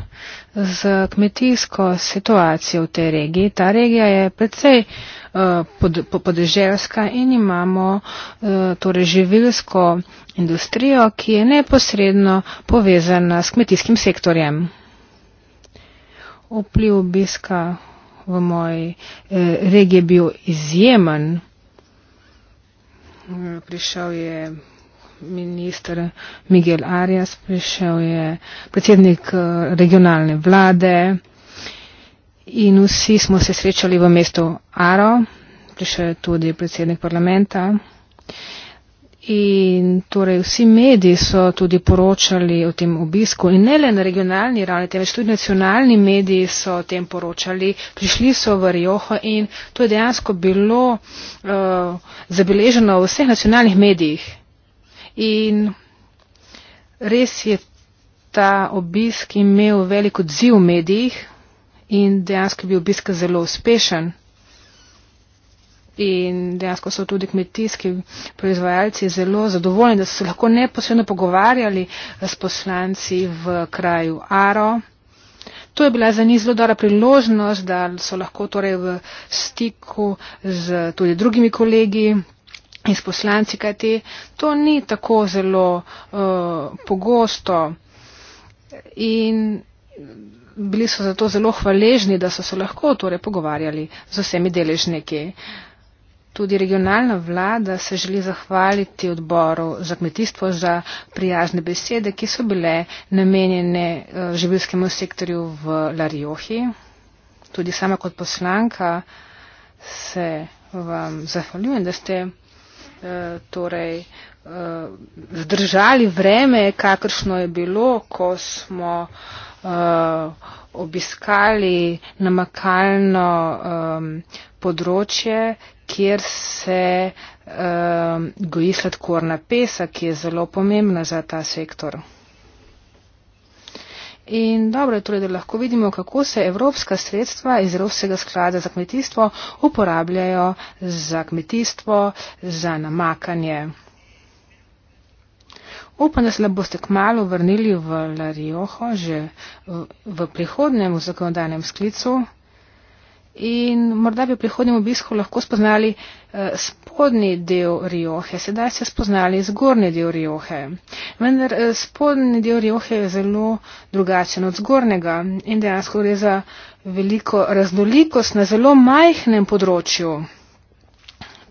z kmetijsko situacijo v tej regiji. Ta regija je precej uh, pod, podeželska in imamo uh, torej živilsko industrijo, ki je neposredno povezana s kmetijskim sektorjem. Vpliv obiska v moji eh, regiji je bil izjemen. Prišel je minister Miguel Arias, prišel je predsednik eh, regionalne vlade in vsi smo se srečali v mestu Aro, prišel je tudi predsednik parlamenta. In torej vsi mediji so tudi poročali o tem obisku in ne le na regionalni ravni, temveč tudi nacionalni mediji so o tem poročali. Prišli so v Rioho in to je dejansko bilo uh, zabeleženo v vseh nacionalnih medijih. In res je ta obisk imel velik odziv v medijih in dejansko je bil obisk zelo uspešen. In dejansko so tudi kmetijski proizvajalci zelo zadovoljni, da so se lahko neposredno pogovarjali eh, s poslanci v kraju Aro. To je bila za njih zelo dobra priložnost, da so lahko torej v stiku z tudi drugimi kolegi in s poslanci, kajti to ni tako zelo uh, pogosto. In bili so zato zelo hvaležni, da so se lahko torej pogovarjali z vsemi deležniki. Tudi regionalna vlada se želi zahvaliti odboru za kmetijstvo za prijazne besede, ki so bile namenjene eh, življskemu sektorju v Larjohi. Tudi sama kot poslanka se vam zahvaljujem, da ste Eh, torej, eh, zdržali vreme, kakršno je bilo, ko smo eh, obiskali namakalno področje, kjer se goji sladkorna pesa, ki je zelo pomembna za ta sektor. In dobro je torej, da lahko vidimo, kako se evropska sredstva iz Evropskega sklada za kmetijstvo uporabljajo za kmetijstvo, za namakanje. Upam, da se le boste kmalo vrnili v Larijoho, že v, v prihodnem v zakonodajnem sklicu in morda bi v prihodnjem obisku lahko spoznali eh, spodnji del Rioje. Sedaj ste spoznali zgornji del Rioje. Vendar eh, spodnji del Rioje je zelo drugačen od zgornjega in dejansko gre za veliko raznolikost na zelo majhnem področju.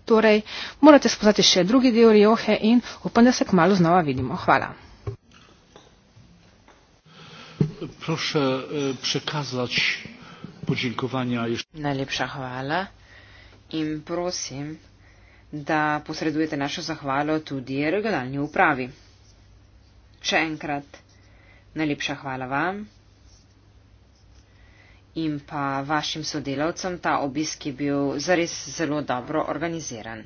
Torej, morate spoznati še drugi del Rioje in upam, da se kmalo znova vidimo. Hvala. Proszę e, przekazać podžilkovanja. Najlepša hvala in prosim, da posredujete našo zahvalo tudi regionalni upravi. Še enkrat najlepša hvala vam in pa vašim sodelavcem. Ta obisk je bil zares zelo dobro organiziran.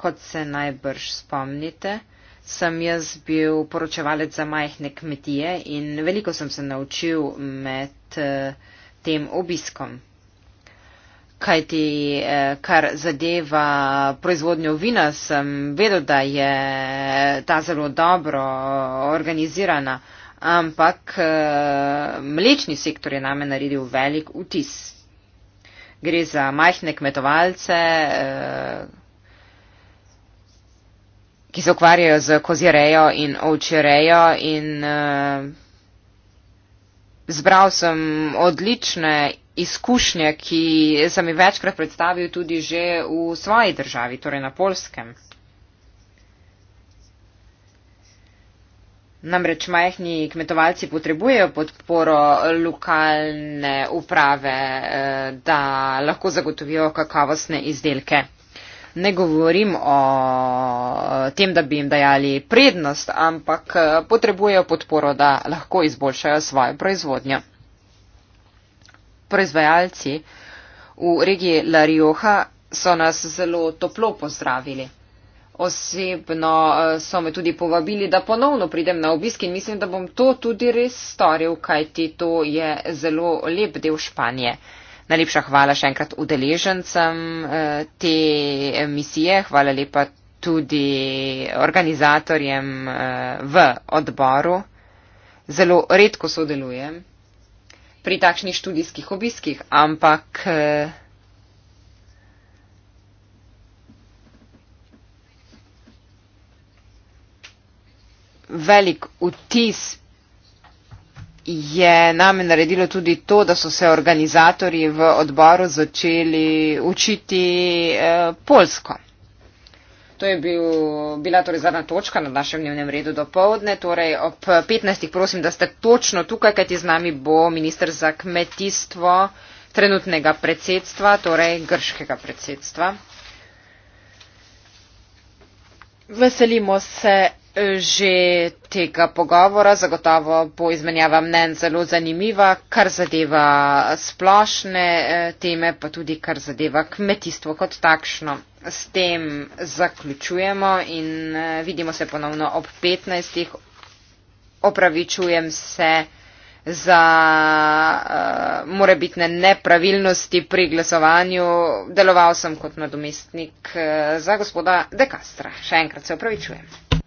Kot se najbrž spomnite, sem jaz bil poročevalec za majhne kmetije in veliko sem se naučil med. Uh, tem obiskom. Kajti, eh, kar zadeva proizvodnjo vina, sem vedel, da je ta zelo dobro organizirana, ampak eh, mlečni sektor je name naredil velik vtis. Gre za majhne kmetovalce, eh, ki se ukvarjajo z kozjerejo in ovčerejo in Zbral sem odlične izkušnje, ki sem jih večkrat predstavil tudi že v svoji državi, torej na polskem. Namreč majhni kmetovalci potrebujejo podporo lokalne uprave, eh, da lahko zagotovijo kakovostne izdelke ne govorim o tem, da bi jim dajali prednost, ampak eh, potrebujejo podporo, da lahko izboljšajo svojo proizvodnjo. Proizvajalci v regiji Larioha so nas zelo toplo pozdravili. Osebno eh, so me tudi povabili, da ponovno pridem na obisk in mislim, da bom to tudi res storil, kajti to je zelo lep del Španije. Najlepša hvala še enkrat udeležencem eh, te misije, hvala lepa tudi organizatorjem eh, v odboru. Zelo redko sodelujem pri takšnih študijskih obiskih, ampak eh, velik vtis je name naredilo tudi to, da so se organizatori v odboru začeli učiti eh, polsko. To je bil, bila torej zadnja točka na našem dnevnem redu do povdne, torej ob 15. prosim, da ste točno tukaj, kajti z nami bo minister za kmetijstvo trenutnega predsedstva, torej grškega predsedstva. Veselimo se že tega pogovora zagotovo bo izmenjava mnen zelo zanimiva, kar zadeva splošne eh, teme, pa tudi kar zadeva kmetijstvo kot takšno. S tem zaključujemo in eh, vidimo se ponovno ob 15. Opravičujem se za uh, morebitne nepravilnosti pri glasovanju. Deloval sem kot nadomestnik uh, za gospoda Dekastra. Še enkrat se opravičujem.